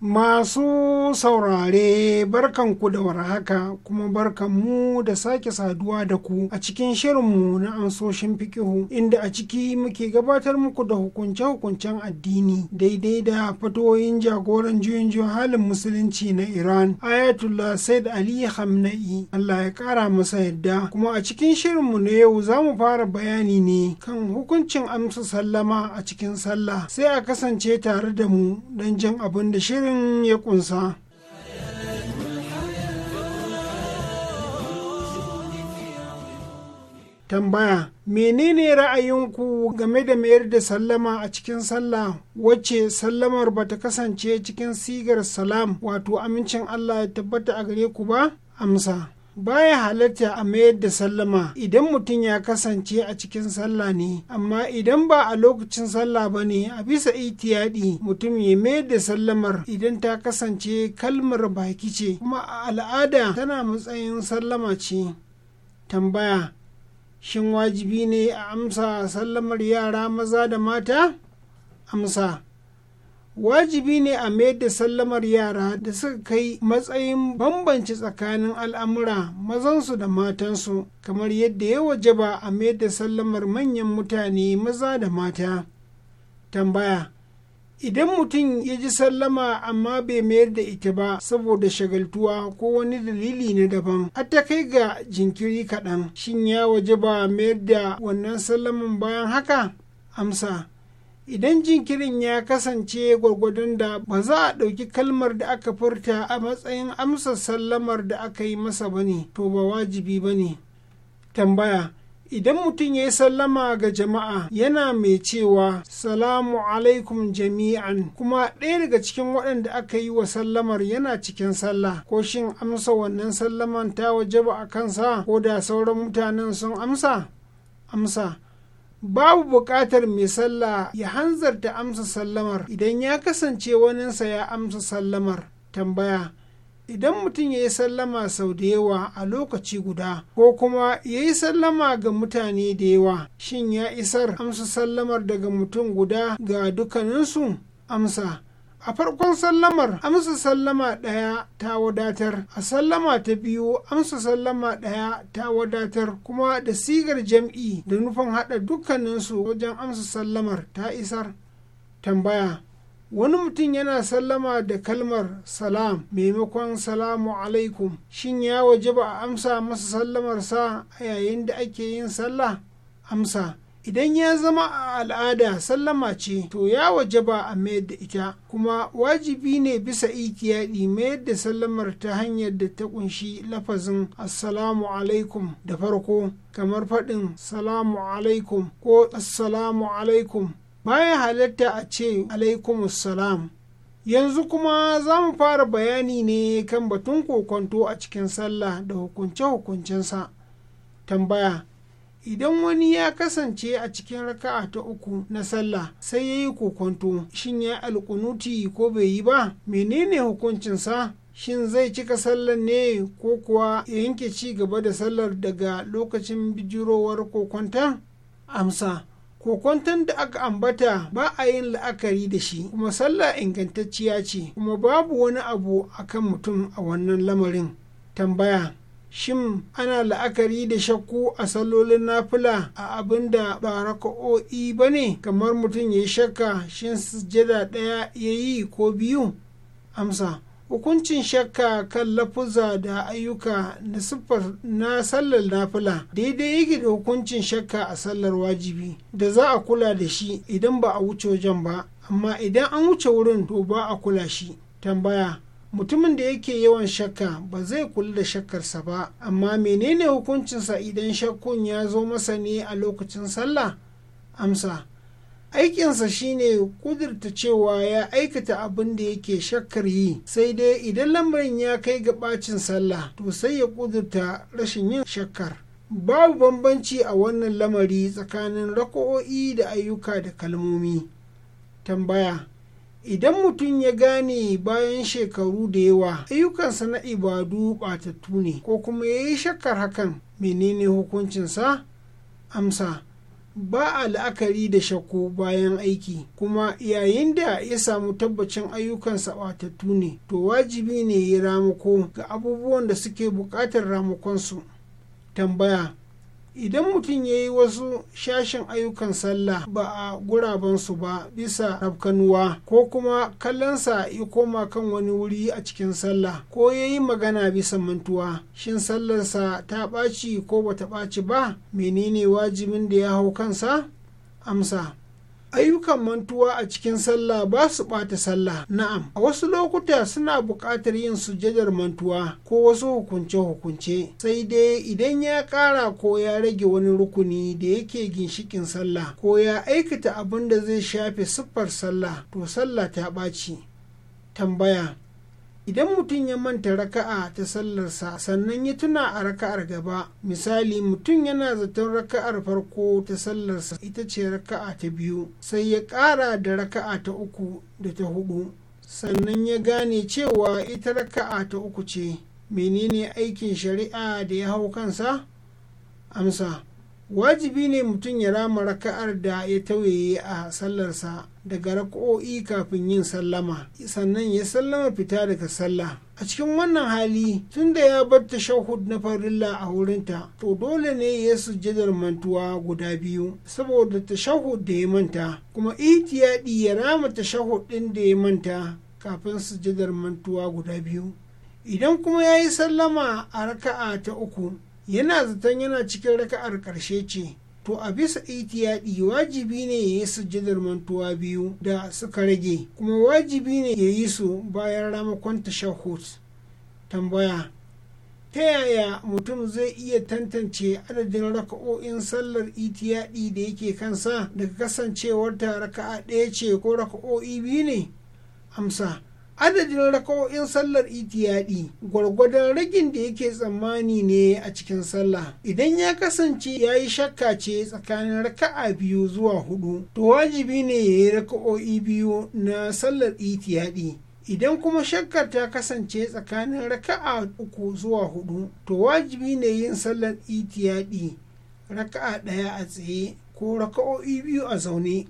Masu saurare barkan ku da warhaka kuma barkan mu da sake saduwa da ku a cikin shirinmu na ansoshin fikihu inda a ciki muke gabatar muku da hukunce-hukuncen addini daidai da fatoyin jagoran juyin halin musulunci na Iran Ayatullah Said Ali Hamna'i Allah ya kara masa yadda kuma a cikin shirinmu na yau za mu fara bayani ne kan hukuncin amsa sallama a cikin sallah sai a kasance tare da mu don jin abin da shirin shirin ya kunsa. Tambaya menene ra'ayinku game da mayar da sallama a cikin sallah wacce sallamar ba ta kasance cikin sigar salam wato amincin Allah ya tabbata a gare ku ba? Amsa. baya halatta a mayar da sallama idan mutum ya kasance a cikin sallah ne amma idan ba a lokacin sallah ba ne a bisa itiyadi mutum ya mayar da sallamar idan ta kasance kalmar baki ce kuma a al'ada tana matsayin sallama ce tambaya shin wajibi ne a amsa sallamar yara maza da mata amsa wajibi ne a mayar da sallamar yara da suka kai matsayin bambanci tsakanin al'amura mazansu da matansu kamar yadda ya wajaba a mayar da sallamar manyan mutane maza da mata tambaya idan mutum ya ji sallama amma bai mayar da ita ba saboda shagaltuwa ko wani dalili na daban a ta kai ga jinkiri kaɗan shin ya waje ba mayar da wannan sallaman bayan haka amsa idan jinkirin ya kasance gwargwadon da ba za a ɗauki kalmar da aka furta a matsayin amsa sallamar da aka yi masa ba ne to ba wajibi ba ne tambaya idan mutum ya yi sallama ga jama'a yana mai cewa salamu alaikum jami'an kuma ɗaya daga cikin waɗanda aka yi wa sallamar yana cikin sallah ko shin amsa wannan sallaman ta wajaba a kansa ko da sauran mutanen sun amsa amsa babu buƙatar mai sallah ya hanzarta amsa sallamar idan ya kasance waninsa ya amsa sallamar tambaya idan mutum ya yi sallama sau da yawa a lokaci guda ko kuma ya yi sallama ga mutane da yawa shin ya isar amsa sallamar daga mutum guda ga dukkaninsu amsa a farkon sallamar amsa sallama ɗaya ta wadatar a sallama ta biyu amsa sallama ɗaya ta wadatar kuma da sigar jam'i da nufin haɗa dukkaninsu wajen amsa sallamar ta isar tambaya wani mutum yana sallama da kalmar salam maimakon salamu alaikum shin ya waje ba a amsa masa sallamar sa a yayin da ake yin sallah amsa idan ya zama a al'ada sallama ce to ya wajaba a mayar da ita kuma wajibi ne bisa ikiyaɗi mayar da sallamar ta hanyar da ta kunshi lafazin assalamu alaikum da farko kamar faɗin salamu alaikum ko assalamu alaikum bayan halatta a ce alaikum salam yanzu kuma za mu fara bayani ne kan batun kokonto a cikin sallah da hukunce-hukuncensa tambaya idan wani ya kasance a cikin raka'a ta uku na sallah sai ya yi kokonto shin ya alkunuti ko bai yi ba menene hukuncinsa shin zai cika sallar ne ko kuwa ya yanke ci gaba da sallar daga lokacin bijirowar kokonta amsa kokonton da aka ambata ba a yin la'akari da shi kuma sallah ingantacciya ce kuma babu wani abu akan mutum a wannan lamarin tambaya shin ana la'akari da shakku a salolin nafila a abin da ba raka'o'i ba ne kamar mutum ya shakka shin sujada ɗaya ya yi ko biyu amsa hukuncin shakka kan lafuza da ayyuka na siffar na sallar nafila daidai yake da hukuncin shakka a sallar wajibi da za a kula da shi idan ba a wuce wajen ba amma idan an wuce wurin to ba a kula shi tambaya mutumin da yake yawan shakka ba zai kula da shakkarsa ba amma menene hukuncinsa idan shakkun ya zo masa ne a lokacin sallah amsa aikinsa shine kudurta cewa ya aikata abin da yake shakkar yi sai dai idan lamarin ya kai ga bacin sallah to sai ya kudurta rashin yin shakkar babu bambanci a wannan lamari tsakanin rako'o'i da ayyuka da kalmomi tambaya idan mutum ya gane bayan shekaru da yawa ayyukansa na ibadu ɓatattu ne ko kuma ya yi shakkar hakan menene hukuncinsa amsa ba a la'akari da shakku bayan aiki kuma yayin da ya samu tabbacin ayyukansa ɓatattu ne to wajibi ne ya ramako ga abubuwan da suke buƙatar ramakonsu tambaya idan mutum ya yi wasu shashin ayyukan sallah ba a guraben su ba bisa rafkanuwa ko kuma kallonsa ya koma kan wani wuri a cikin sallah ko ya yi magana bisa mantuwa shin sallarsa ta ɓaci ko bata ɓaci ba menene wajibin da ya hau kansa amsa ayyukan mantuwa a cikin sallah ba su ɓata sallah na'am a wasu lokuta suna buƙatar yin sujadar mantuwa ko wasu hukunce-hukunce sai dai idan ya ƙara ko ya rage wani rukuni da yake ginshikin sallah ko ya aikata abin da zai shafe siffar sallah to sallah ta ɓaci tambaya idan mutum ya manta raka'a ta sallarsa sannan ya tuna a raka'ar gaba misali mutum yana zaton raka'ar farko ta sallarsa ita ce raka'a ta biyu sai ya ƙara da raka'a ta uku da ta hudu sannan ya gane cewa ita raka'a ta uku ce menene aikin shari'a da ya hau kansa amsa wajibi ne mutum ya rama raka'ar da ya tauye a sallarsa daga raka'o'i kafin yin sallama sannan ya sallama fita daga sallah a cikin wannan hali tunda ya bar tashahud na farilla a wurinta to dole ne ya sujjadar mantuwa guda biyu saboda tashahud da ya manta kuma itiyadi ya rama tashahud din da ya manta kafin sujjadar mantuwa guda biyu idan kuma ya yi sallama a raka'a ta uku yana zaton yana cikin raka'ar ƙarshe ce to a bisa itiyaɗi wajibi ne ya yi sujjadar mantuwa biyu da suka rage kuma wajibi ne ya yi su bayan ramakon tashahud tambaya ta yaya mutum zai iya tantance adadin raka'o'in sallar itiyaɗi da yake kansa daga kasancewarta raka'a ɗaya ce ko raka'o'i biyu ne amsa adadin rakawo'in sallar itiyadi gwargwadon ragin da yake tsammani ne a cikin sallah idan ya kasance ya yi shakka ce tsakanin raka'a biyu zuwa hudu to wajibi ne ya yi raka'o'i biyu na sallar itiyadi idan kuma shakkar ta kasance tsakanin raka'a uku zuwa hudu to wajibi ne yin sallar itiyadi raka'a ɗaya a tsaye ko raka'o'i biyu a zaune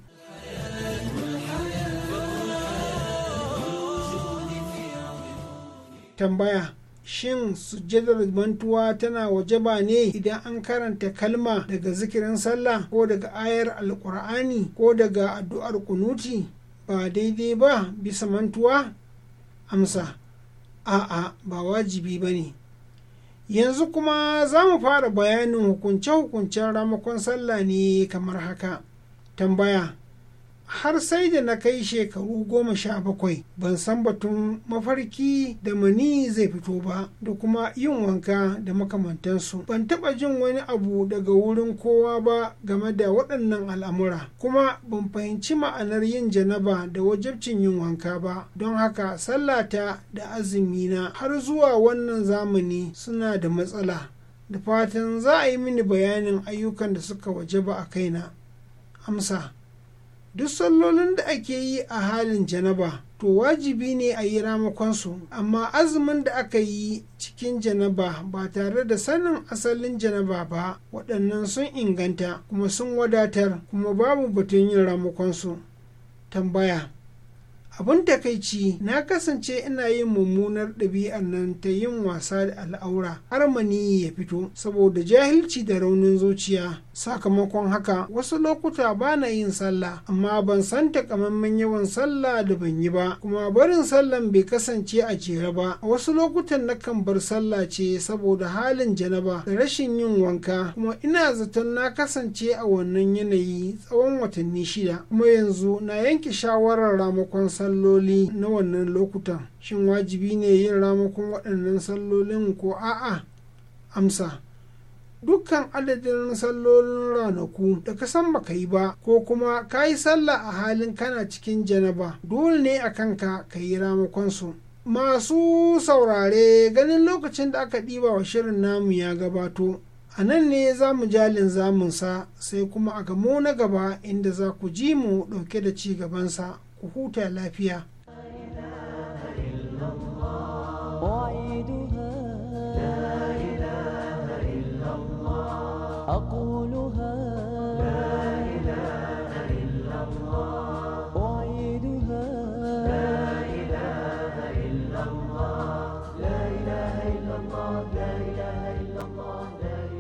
tambaya shin sujjadar mantuwa tana wajaba ne idan an karanta kalma daga zikirin sallah ko daga ayar alkur'ani ko daga addu'ar kunuti ba daidai ba bisa mantuwa amsa a'a ba wajibi ba ne yanzu kuma za mu fara bayanin hukunce-hukuncen ramakon sallah ne kamar haka tambaya har sai da na kai shekaru goma sha bakwai ban san batun mafarki da mani zai fito ba da kuma yin wanka da makamantansu ban taɓa jin wani abu daga wurin kowa ba game da waɗannan al'amura kuma ban fahimci ma'anar yin janaba da wajabcin yin wanka ba don haka sallata da azumi na. har zuwa wannan zamani suna da matsala da fatan za a yi mini bayanin ayyukan da suka wajaba a kaina amsa duk sallolin da ake yi a halin janaba to wajibi ne a yi ramakonsu amma azumin da aka yi cikin janaba ba tare da sanin asalin janaba ba waɗannan sun inganta kuma sun wadatar kuma babu batun yin ramakonsu tambaya abin takaici na kasance ina yin mummunar ɗabi'ar nan ta yin wasa da al'aura har maniyi ya fito saboda jahilci da raunin zuciya sakamakon haka wasu lokuta ba na yin sallah amma ban san takamaiman yawan sallah da ban yi ba kuma barin sallan bai kasance a jere ba A wasu lokutan kan bar sallah ce saboda halin janaba da rashin yin wanka kuma ina zaton na kasance a wannan yanayi tsawon watanni shida kuma yanzu na yanke shawarar ramakon salloli na wannan lokutan shin wajibi ne yin ramakon waɗannan sallolin ko a'a amsa dukkan adadin sallolin ranaku da ka san baka yi ba ko kuma ka yi sallah a halin kana cikin janaba dole ne a kanka ka yi ramakonsu masu saurare ganin lokacin da aka ɗiba wa shirin namu ya gabato a nan ne za mu jalin zamunsa sai kuma a gamo na gaba inda za ku ji mu ɗauke da ci gabansa ku huta lafiya أقولها لا إله إلا الله أعيدها لا إله إلا الله لا إله إلا الله لا إله إلا الله لا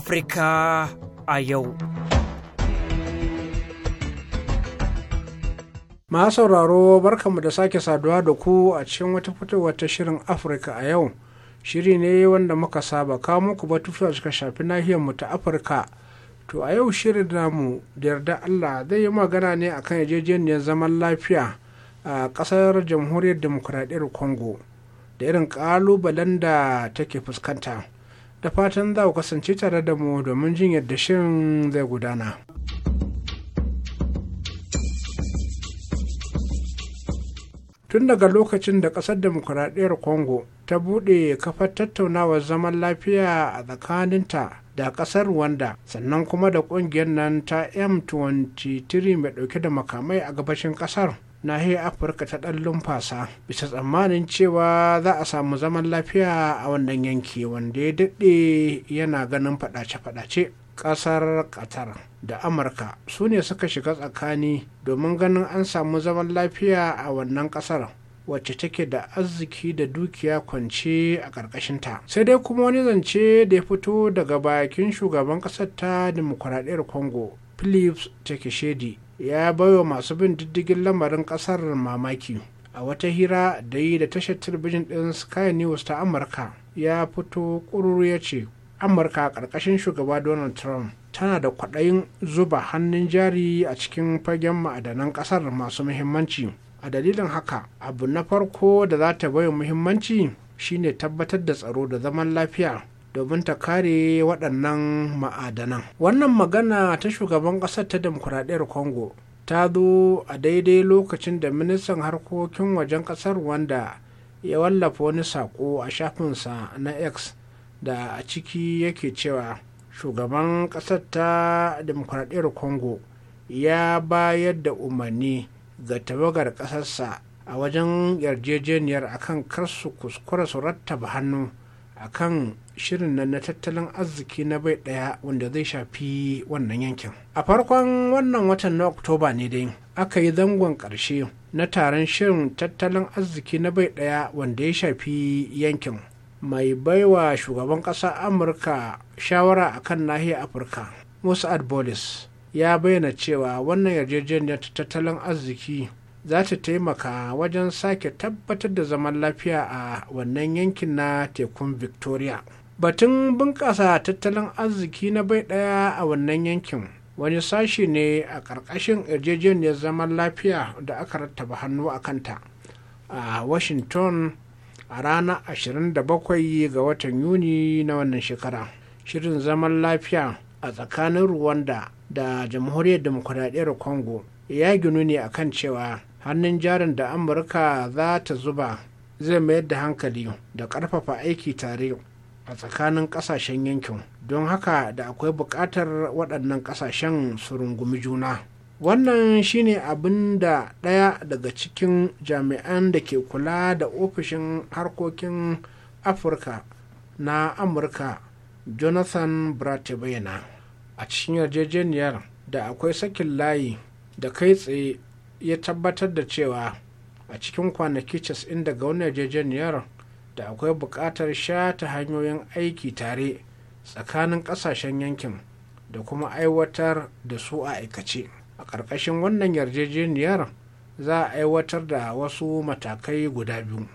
إله إلا الله Africa a Ma sauraro barkamu da sake saduwa da ku a cikin wata fitowar ta shirin Afirka a yau. Shiri ne wanda muka saba kawo muku batutuwa suka shafi nahiyar mu ta Afirka. To a yau shirin namu da yarda Allah zai yi magana ne akan yarjejeniyar zaman lafiya a ƙasar jamhuriyar demokuraɗiyyar Congo da irin ƙalubalen da take fuskanta. Da fatan za ku kasance tare da mu domin jin yadda shirin zai gudana. tun daga lokacin da ƙasar demokuraɗiyar congo ta buɗe kafar tattaunawar zaman lafiya a tsakaninta da ƙasar rwanda sannan kuma da ƙungiyar nan ta m23 mai ɗauke da makamai a gabashin ƙasar nahiyar afirka ta ɗan lumfasa bisa tsammanin cewa za a samu zaman lafiya a wannan yanki wanda ya daɗe yana ganin faɗace-faɗace ƙasar qatar da amurka su ne suka shiga tsakani domin ganin an samu zaman lafiya a wannan kasar wacce take da arziki da dukiya kwance a ƙarƙashinta sai dai kuma wani zance da ya fito daga bakin shugaban ƙasar ta demokuraɗiyar congo philips shedi ya baiwa masu bin diddigin lamarin ƙasar mamaki a wata hira da yi da tashar talabijin ɗin sky news ta amurka ya fito ƙururu ya ce amurka ƙarƙashin shugaba donald trump tana da kwaɗayin zuba hannun jari a cikin fagen ma'adanan ƙasar masu muhimmanci a dalilin haka abu na farko da za ta bayan muhimmanci shine tabbatar da tsaro da zaman lafiya domin ta kare waɗannan ma'adanan wannan magana ta shugaban ƙasar ta demokuraɗiyar congo ta zo a daidai lokacin da ministan harkokin wajen ƙasar wanda ya wallafa wani saƙo a shafinsa na x da a ciki yake cewa shugaban ƙasar ta demokuraɗiyar congo ya bayar da umarni ga tabagar ƙasarsa a wajen yarjejeniyar akan kar su kuskura su rattaba hannu akan shirin nan na tattalin arziki na bai ɗaya wanda zai shafi wannan yankin a farkon wannan watan na oktoba ne dai aka yi zangon ƙarshe na taron shirin tattalin arziki na bai ɗaya wanda ya shafi yankin mai baiwa shugaban ƙasar amurka shawara a kan nahiyar afirka musa'ad bolis ya bayyana cewa wannan yarjejeniyar tattalin arziki za ta taimaka wajen sake tabbatar da zaman lafiya a wannan yankin na tekun victoria batun bunƙasa tattalin arziki na bai ɗaya a wannan yankin wani sashi ne a ƙarƙashin yarjejeniyar zaman lafiya da aka rattaba hannu a kanta a washington a ranar 27 ga watan yuni na wannan shekara shirin zaman lafiya a tsakanin rwanda da jamhuriyar demokuraɗiyar congo ya ginu ne kan cewa hannun jarin da amurka za ta zuba zai mayar da hankali da ƙarfafa aiki tare a tsakanin ƙasashen yankin don haka da akwai buƙatar waɗannan ƙasashen su rungumi juna wannan shine abin da ɗaya daga cikin jami'an da ke kula da ofishin harkokin afirka na amurka jonathan bratibena a cikin yarjejeniyar da akwai sakin layi da kai tsaye ya tabbatar da cewa a cikin kwanaki 90 daga wani yarjejeniyar da akwai buƙatar shata hanyoyin aiki tare tsakanin ƙasashen yankin da kuma aiwatar da su a aikace. ƙarƙashin wannan yarjejeniyar za a aiwatar da wasu matakai guda biyu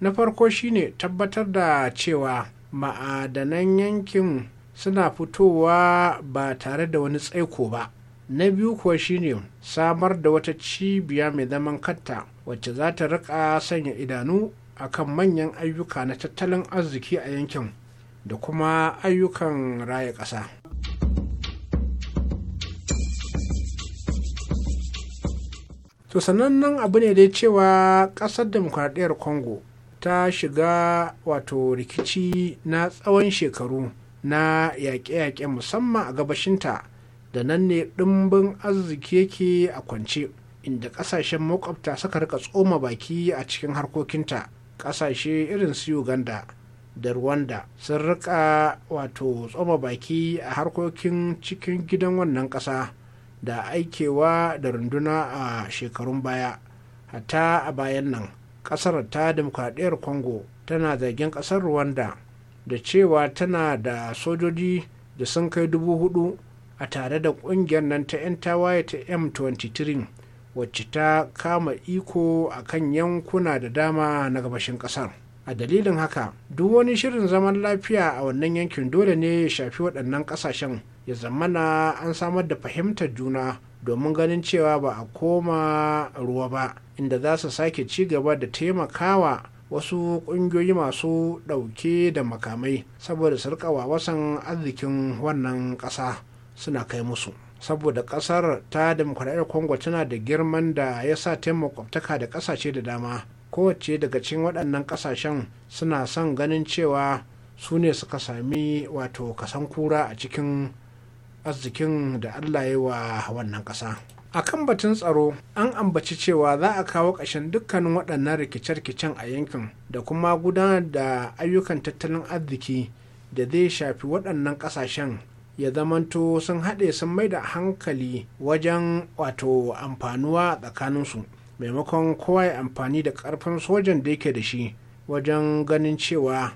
na farko shine tabbatar da cewa ma'adanan yankin suna fitowa ba tare da wani tsaiko ba na biyu kuwa shine samar da wata cibiya mai zaman kanta wacce za ta rika sanya idanu akan manyan ayyuka na tattalin arziki a yankin da kuma ayyukan raya ƙasa to sanannen abu ne dai cewa ƙasar demokradiyyar congo ta shiga wato rikici na tsawon shekaru na yaƙe-yaƙe musamman a gabashinta da nan ne ɗimbin arziki yake a kwance inda ƙasashen makwabta suka rika tsoma baki a cikin harkokinta ƙasashe irin su uganda da rwanda sun rika wato tsoma baki a harkokin cikin gidan wannan ƙasa da aikewa da runduna a shekarun baya hatta a bayan nan kasar ta demokradiyyar congo tana zargin kasar rwanda da cewa tana da sojoji da sun kai dubu hudu a tare da kungiyar nan ta 'yan tawaye ta m23 wacce ta kama iko a kan yankuna da dama na gabashin kasar a dalilin haka duk wani shirin zaman lafiya a wannan yankin dole ne ya shafi waɗannan ƙasashen ya zamana an samar da fahimtar juna domin ganin cewa ba a koma ruwa ba inda za su sake ci gaba da taimakawa wasu kungiyoyi masu ɗauke da makamai saboda su rikawa wasan arzikin wannan ƙasa suna kai musu saboda ƙasar ta demokuraɗiyar congo tana da girman da ya sa taimakwabtaka da ƙasashe da dama kowace daga cikin waɗannan ƙasashen suna son ganin cewa su ne suka sami wato kasan kura a cikin arzikin da allah ya wa wannan ƙasa a kan batun tsaro an ambaci cewa za a kawo ƙashin dukkanin waɗannan rikice-rikicen a yankin da kuma gudanar da ayyukan tattalin arziki da zai shafi waɗannan ƙasashen ya zamanto sun haɗe sun mai da hankali wajen wato amfanuwa tsakaninsu maimakon kowa ya amfani da ƙarfin sojan da yake da shi wajen ganin cewa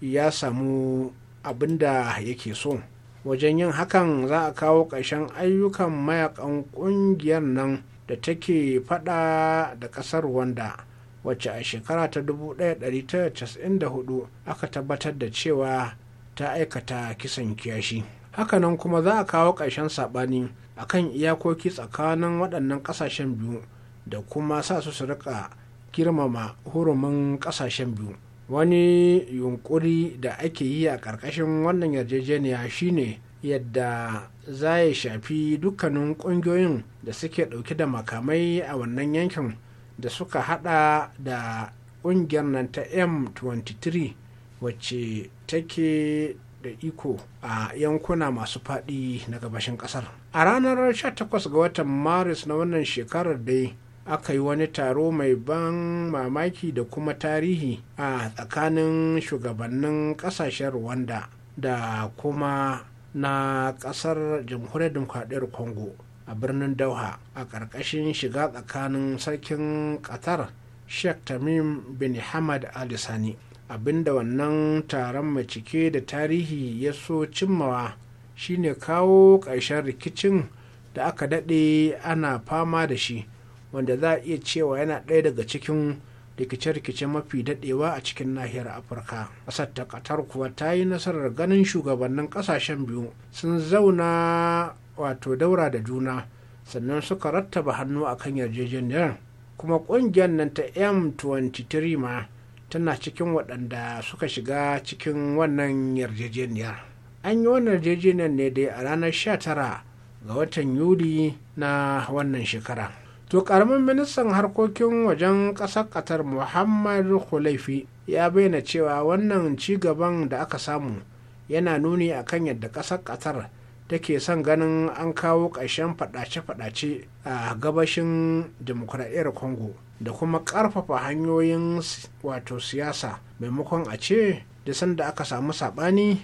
ya samu abin da yake so. wajen yin hakan za a kawo ƙarshen ayyukan mayakan ƙungiyar nan da take fada da ƙasar wanda wacce a shekara ta 1994 aka tabbatar da cewa ta aikata kisan kiyashi hakanan kuma za a kawo ƙarshen saɓani a kan iyakoki tsakanin waɗannan ƙasashen biyu da kuma sa su su rika girmama hurumin ƙasashen biyu wani yunkuri da ake yi a ƙarƙashin wannan yarjejeniya shine yadda za ya shafi dukkanin ƙungiyoyin da suke ɗauke da makamai a wannan yankin da suka hada da ƙungiyar nan ta m23 wacce take da iko a yankuna masu faɗi na gabashin ƙasar a ranar 18 ga watan maris na wannan shekarar dai aka yi wani taro mai ban mamaki da kuma tarihi a tsakanin shugabannin kasashen rwanda da kuma na kasar jamhuriyar dimokuraɗiyar congo a birnin dauha a ƙarƙashin shiga tsakanin sarkin qatar sheikh tamim bin hamad alisani sani abinda wannan taron mai cike da tarihi ya so cimmawa shine kawo ƙarshen rikicin da aka daɗe ana fama da shi wanda za a iya cewa yana ɗaya daga cikin rikice-rikice mafi daɗewa a cikin nahiyar afirka ƙasar ta qatar kuwa ta yi nasarar ganin shugabannin ƙasashen biyu sun zauna wato daura da juna sannan suka rattaba hannu a kan yarjejeniyar kuma ƙungiyar nan ta m23 ma tana cikin waɗanda suka shiga cikin wannan yarjejeniyar an yi wannan yarjejeniyar ne dai a ranar 19 ga watan yuli na wannan shekara to karamin ministan harkokin wajen ƙasar qatar muhammad khulaifi ya bayyana cewa wannan ci gaban da aka samu yana nuni a kan yadda ƙasar qatar take son ganin an kawo ƙarshen faɗace-faɗace a gabashin demokuraɗiyar congo da kuma ƙarfafa hanyoyin wato siyasa maimakon a ce da sanda aka samu saɓani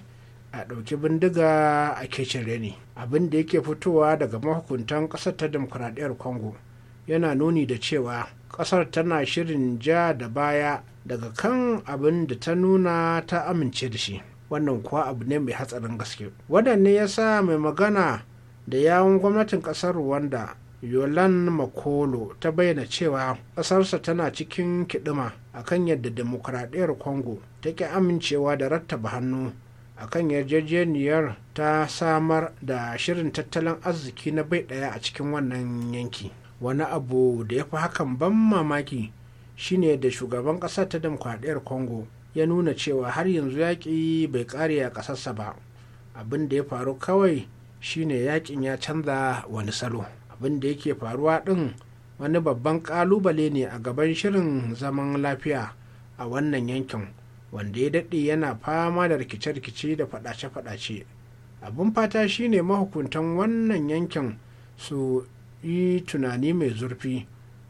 a ɗauki bindiga a ke reni abin da yake fitowa daga mahukuntan ƙasar ta demokuraɗiyar congo yana nuni da cewa ƙasar tana shirin ja da baya daga kan abin da ta nuna ta amince da shi wannan kuwa abu ne mai hatsarin gaske waɗanne ya sa mai magana da yawon gwamnatin ƙasar rwanda yolan makolo ta bayyana cewa ƙasarsa tana cikin kiɗima akan yadda demokuraɗiyar congo take amincewa da rattaba hannu akan yarjejeniyar ta samar da shirin tattalin arziki na bai ɗaya a cikin wannan yanki wani abu da ya fi hakan ban mamaki shine da shugaban ƙasar ta demokuraɗiyar congo ya nuna cewa har yanzu yaƙi bai ƙare a ƙasarsa ba abin da ya faru kawai shine yaƙin ya canza wani salo abin da yake faruwa ɗin wani babban ƙalubale ne a gaban shirin zaman lafiya a wannan yankin wanda ya daɗe yana fama da rikice-rikice da faɗace-faɗace abin fata shine mahukuntan wannan yankin su yi tunani mai zurfi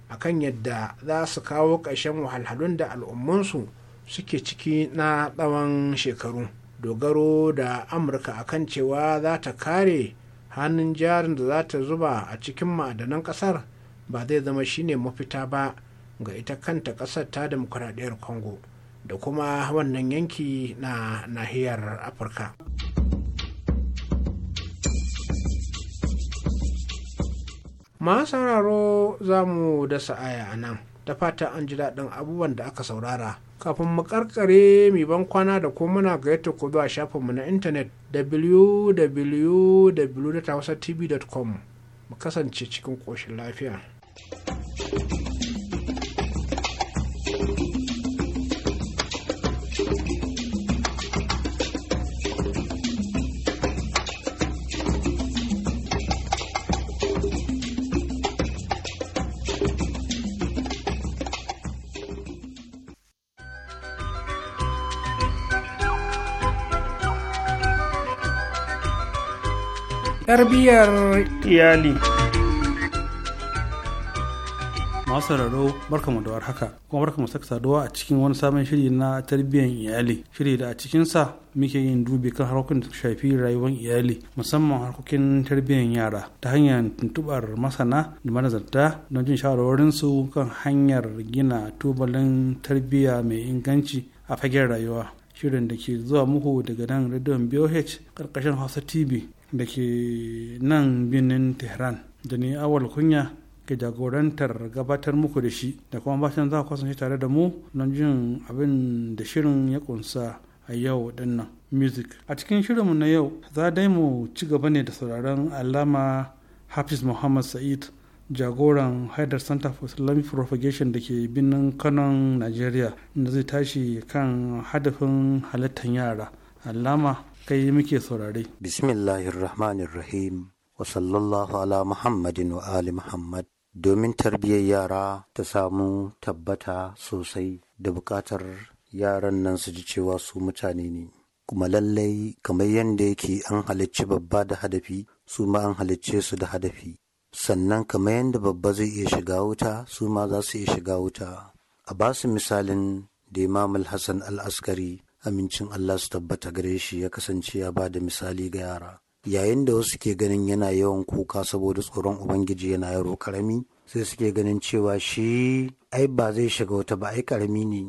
a kan yadda za su kawo ƙarshen wahalhalun da al'ummansu suke ciki na tsawon shekaru dogaro da amurka akan cewa za ta kare hannun jarin da za ta zuba a cikin ma'adanan ƙasar ba zai zama shine mafita ba ga ita kanta ƙasar ta demokuraɗiyar congo da kuma wannan yanki na nahiyar afirka. ma sauraro za mu da sa'aya a nan da fata an ji daɗin abubuwan da aka saurara kafin mu karkare mai ban kwana da ko muna gayyata ko zuwa shafinmu na intanet www.tv.com mu kasance cikin ƙoshin lafiya. thank you tarbiyyar iyali masu sauraro mu da haka kuma mu saka saduwa a cikin wani sabon shiri na tarbiyyar iyali shiri da a cikinsa muke yin dubi kan harkokin da shafi rayuwar iyali musamman harkokin tarbiyyar yara ta hanyar tuntubar masana da manazarta don jin su kan hanyar gina tubalin tarbiyya mai inganci a fagen rayuwa shirin da ke zuwa muku daga nan rediyon boh karkashin hausa tv da ke nan birnin tehran da ni awal kunya ke jagorantar gabatar muku da shi da kuma bashin za ku kasance tare da mu don jin abin da shirin ya kunsa a yau din nan music a cikin shirinmu na yau za dai mu ci gaba ne da sauraron alama hafiz muhammad sa'id jagoran haidar center for islamic propagation da ke birnin kanon nigeria da zai tashi kan hadafin halittar yara alama kai muke saurare. Bismillahirrahmanirrahim wa sallallahu ala Muhammadin wa Ali Muhammad domin tarbiyyar yara ta samu tabbata sosai da bukatar yaran nan su ji cewa su mutane ne. Kuma lallai kamar yadda yake an halicci babba da hadafi su ma an halicce su da hadafi. Sannan kamar yadda babba zai iya shiga wuta su ma za su iya shiga wuta. A basu misalin da Imam Hassan al-Askari amincin Allah su tabbata gare shi ya kasance ya ba da misali ga yara. Yayin da wasu ke ganin yana yawan kuka saboda tsoron Ubangiji yana yaro karami, sai suke ganin cewa shi ai ba zai shiga wata ba ai karami ne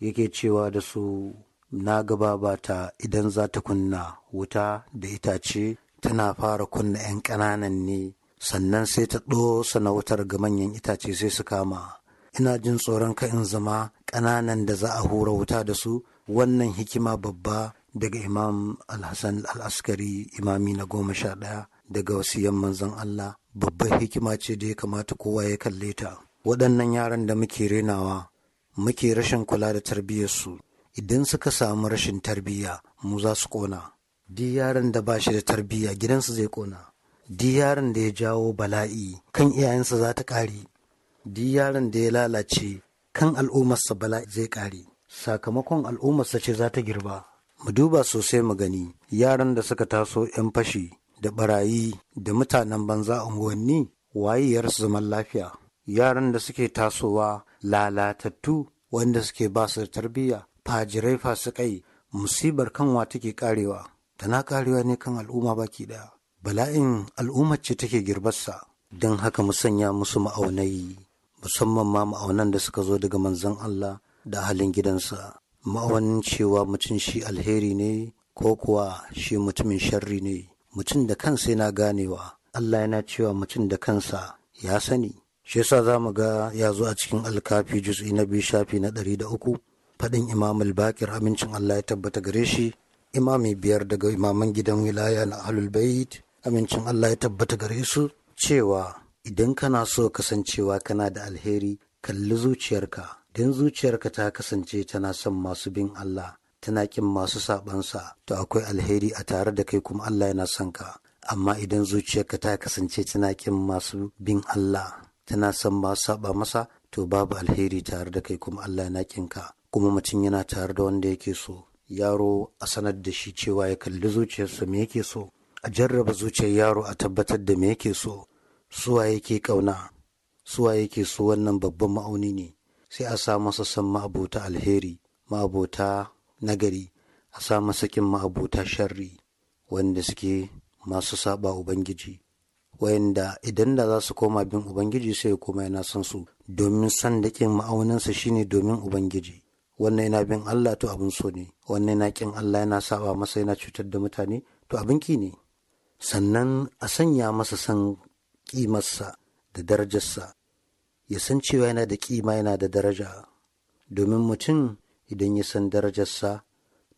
yake cewa da su na gaba ba ta idan za ta kunna wuta da itace tana fara kunna 'yan ƙananan ne sannan sai ta ɗosa na wutar ga manyan itace sai su kama ina jin tsoron ka in zama ƙananan da za a hura wuta da su wannan hikima babba daga imam al-Askari, imami na goma sha ɗaya daga wasiyan manzon Allah babbar hikima ce da ya kamata kowa ya kalle ta waɗannan yaran da muke renawa muke rashin kula da tarbiyyarsu idan suka samu rashin tarbiyya mu za su ƙona di yaran da ba shi da tarbiyya gidansu zai ƙona di yaran da ya jawo bala'i kan iyayensa za ta ƙare di yaran da ya lalace kan al'ummarsa bala'i zai ƙare sakamakon al'ummarsa ce za ta girba mu duba sosai mu gani yaran da suka taso 'yan fashi da barayi da mutanen banza unguwanni wayiyar zaman lafiya yaran da suke tasowa lalatattu wanda suke ba su tarbiyya fajirai fasikai musibar kanwa take karewa tana karewa ne kan al'umma baki daya bala'in al'ummar ce take girbarsa don haka mu sanya musu ma'aunai musamman ma ma'aunan da suka zo daga manzon Allah da halin gidansa ma'awanin cewa mutum shi alheri ne ko kuwa shi mutumin sharri ne mutum da kansa yana ganewa Allah yana cewa mutum da kansa ya sani shi yasa za mu ga ya zo a cikin alkafi juz'i na biyu shafi na ɗari da uku faɗin imam albakir amincin Allah ya tabbata gare shi imami biyar daga imaman gidan wilaya na ahlul bait amincin Allah ya tabbata gare su cewa idan kana so kasancewa kana da alheri kalli zuciyarka don zuciyarka ta kasance tana son masu bin Allah tana kin masu saɓansa to akwai alheri a tare da kai kuma Allah yana son ka amma idan zuciyarka ta kasance tana kin masu bin Allah tana son masu saɓa masa to babu alheri tare da kai kuma Allah yana kin ka kuma mutum yana tare da wanda yake so yaro a sanar da shi cewa ya kalli zuciyarsa me yake so a jarraba zuciyar yaro a tabbatar da me yake so suwa yake kauna suwa yake so wannan babban ma'auni ne sai a sa masa san ma'abota alheri ma'abota nagari a sa masa kin ma'abota sharri wanda suke masu saba ubangiji wayanda idan da za su koma bin ubangiji sai kuma yana son su domin san da kin ma'auninsa shine domin ubangiji wannan yana bin Allah to abin so ne wannan yana kin Allah yana saba masa yana cutar da mutane to abin ki ne sannan a sanya masa san kimarsa da darajarsa ya san cewa yana da ƙima yana da daraja domin mutum idan ya san darajarsa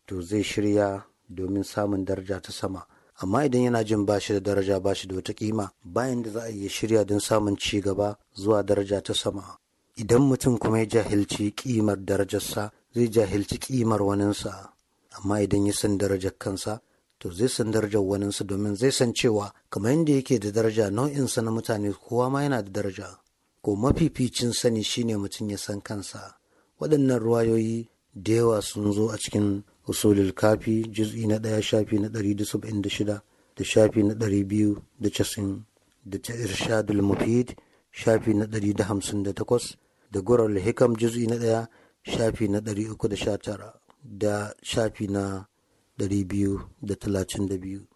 to zai shirya domin samun daraja ta sama amma idan yana jin ba shi da daraja ba shi da wata ƙima, bayan da za a iya shirya don samun ci gaba zuwa daraja ta sama idan mutum kuma ya jahilci ƙimar darajarsa zai jahilci kimar waninsa amma idan ya san darajar kansa to zai san darajar waninsa domin zai san cewa kamar yadda yake da daraja nau'insa na mutane kowa ma yana da daraja ko mafificin sani shine mutum ya san kansa waɗannan ruwayoyi da yawa sun zo a cikin usulul kafi juz'i na ɗaya shafi na ɗari da saba'in da shida da shafi na ɗari biyu da casin da ta irshadul mufid shafi na ɗari da hamsin da takwas da gurar hikam juz'i na ɗaya shafi na ɗari uku da sha tara da shafi na ɗari biyu da talatin da biyu.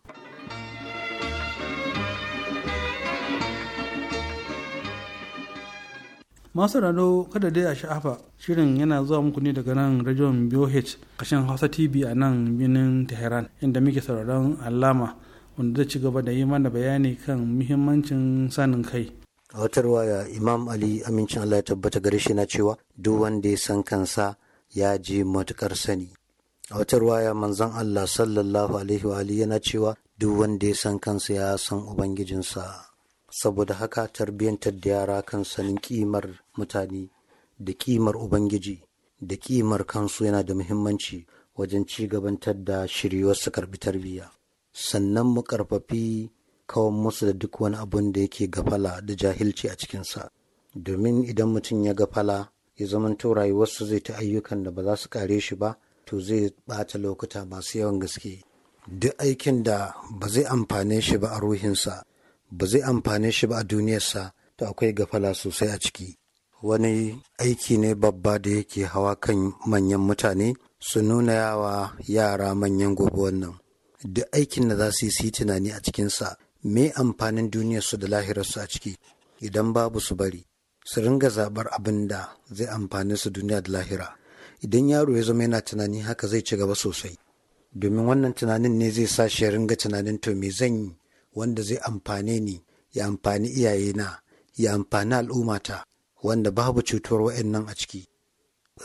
masu rado kada dai a sha'afa shirin yana zuwa muku ne daga nan rajon BOH kashin Hausa TV a nan birnin Tehran inda muke sauraron alama wanda zai ci gaba da yi mana bayani kan muhimmancin sanin kai. A watar waya Imam Ali amincin Allah ya tabbata gare shi na cewa duk wanda ya san kansa ya ji matukar sani. A waya waya manzon Allah sallallahu alaihi wa yana cewa duk wanda ya san kansa ya san ubangijinsa. saboda haka tarbiyyantar da yara kan sanin kimar mutane da kimar ubangiji da kimar kansu yana da muhimmanci wajen ci gabantar da shiryuwar su karbi tarbiyya sannan mu karfafi kawan musu da duk wani abun da yake gafala da jahilci a cikinsa domin idan mutum ya gafala ya zamanto rayuwarsa zai ta ayyukan da ba za su kare shi ba to zai bata lokuta masu yawan gaske duk aikin da ba zai amfane shi ba a ruhinsa ba zai amfane shi ba a duniyarsa to akwai gafala sosai a ciki wani aiki ne babba da yake hawa kan manyan mutane su nuna yawa yara manyan gobe wannan duk aikin da za su yi tunani a cikinsa me amfanin duniyarsu da lahirarsu a ciki idan babu su bari su ringa zabar abin da zai amfani su duniya da lahira idan yaro ya zama yana tunani haka zai ci gaba sosai domin wannan tunanin ne zai sa shi ringa tunanin to me zan yi wanda zai amfane ni ya amfani iyayena ya amfani al'ummata wanda babu cutuwar wa'annan a ciki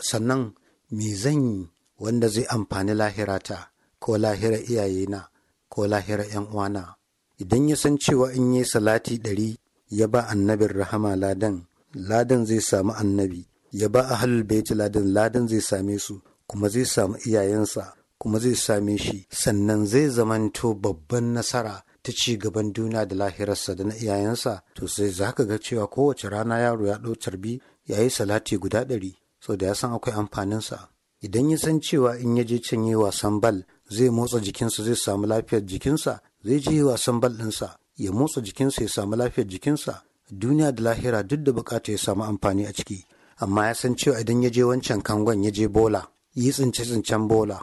sannan me zan yi wanda zai amfani lahirata ko lahirar iyayena ko lahirar yan uwana idan ya san cewa in yi salati ɗari ya ba annabin rahama ladan ladan zai samu annabi ya ba a ahlul baiti ladan ladan zai same su kuma zai samu iyayensa kuma zai same shi sannan zai zamanto babban nasara ta ci gaban duniya da lahirarsa da na iyayensa to sai za ka ga cewa kowace rana yaro ya ɗau tarbi ya yi salati guda ɗari sau da ya san akwai amfaninsa idan ya san cewa in ya je can yi wasan bal zai motsa jikinsa zai samu lafiyar jikinsa zai je yi wasan bal ɗinsa ya motsa jikinsa ya samu lafiyar jikinsa duniya da lahira duk da bukata ya samu amfani a ciki amma ya san cewa idan ya je wancan kangon ya je bola yi tsince-tsincen bola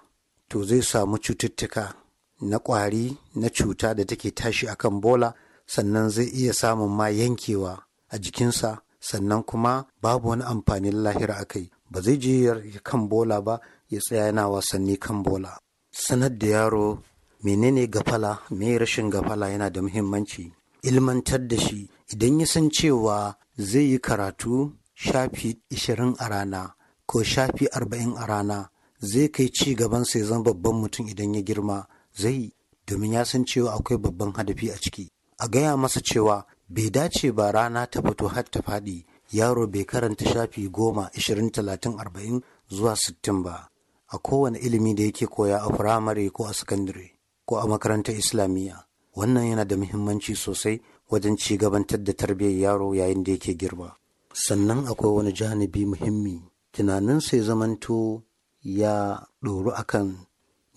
to zai samu cututtuka na ƙwari na cuta da take tashi akan bola sannan zai iya samun ma yankewa a jikinsa sannan kuma babu wani amfanin lahira a kai, ba zai je kan bola ba ya tsaya yana wasanni kan bola sanar da yaro menene gafala me rashin gafala yana da muhimmanci ilmantar da shi idan ya san cewa zai yi karatu shafi ishirin a rana ko shafi arba'in a rana zai kai ci gaban sai zan babban mutum idan ya girma zai domin ya san cewa akwai babban hadafi a ciki a gaya masa cewa bai dace ba rana ta fito har ta faɗi yaro bai karanta shafi goma ishirin talatin arba'in zuwa sittin ba a kowane ilimi da yake koya a firamare ko a sakandare ko a makarantar islamiyya wannan yana da muhimmanci sosai wajen ci gabantar da tarbiyyar yaro yayin da yake girma sannan akwai wani janibi muhimmi tunanin sai zamanto ya ɗoru akan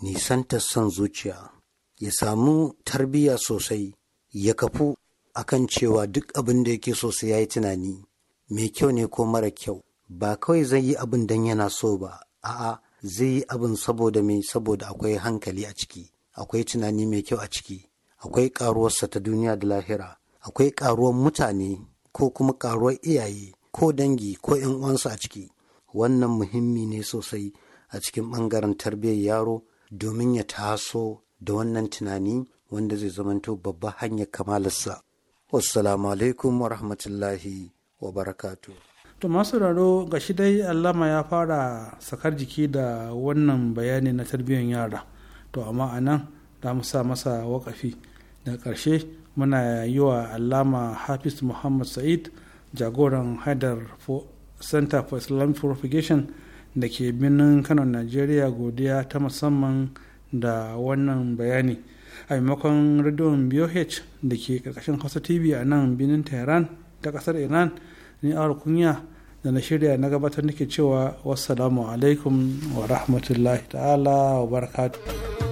nisantar son zuciya ya samu tarbiyya sosai ya kafu akan cewa duk abin da yake sosai ya yi tunani mai kyau ne ko mara kyau ba kawai zai yi abin don yana so ba a'a zai yi abin saboda mai saboda akwai hankali a ciki akwai tunani mai kyau a ciki akwai karuwarsa ta duniya da lahira akwai karuwar mutane ko kuma karuwar iyaye ko dangi ko yan uwansa a ciki wannan muhimmi ne sosai a cikin ɓangaren tarbiyyar yaro domin ya taso da wannan tunani wanda zai zamanto babban hanyar kamalarsa. Wassalamu alaikum wa rahmatullahi wa barakatu. To masu raro ga shi dai Allama ya fara sakar jiki da wannan bayani na tarbiyyar yara. To amma a nan da mu sa masa wakafi. Daga ƙarshe muna yi wa Allama Hafiz Muhammad Sa'id jagoran Haidar Center for Islamic Propagation da ke birnin kano najeriya godiya ta musamman da wannan bayani a maimakon rediyon boh da ke karkashin hausa tv a nan binin tehran ta kasar iran ni awar kunya da na shirya na gabatar nake cewa wassalamu alaikum wa rahmatullahi ta'ala wa barakatuh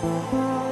Thank you.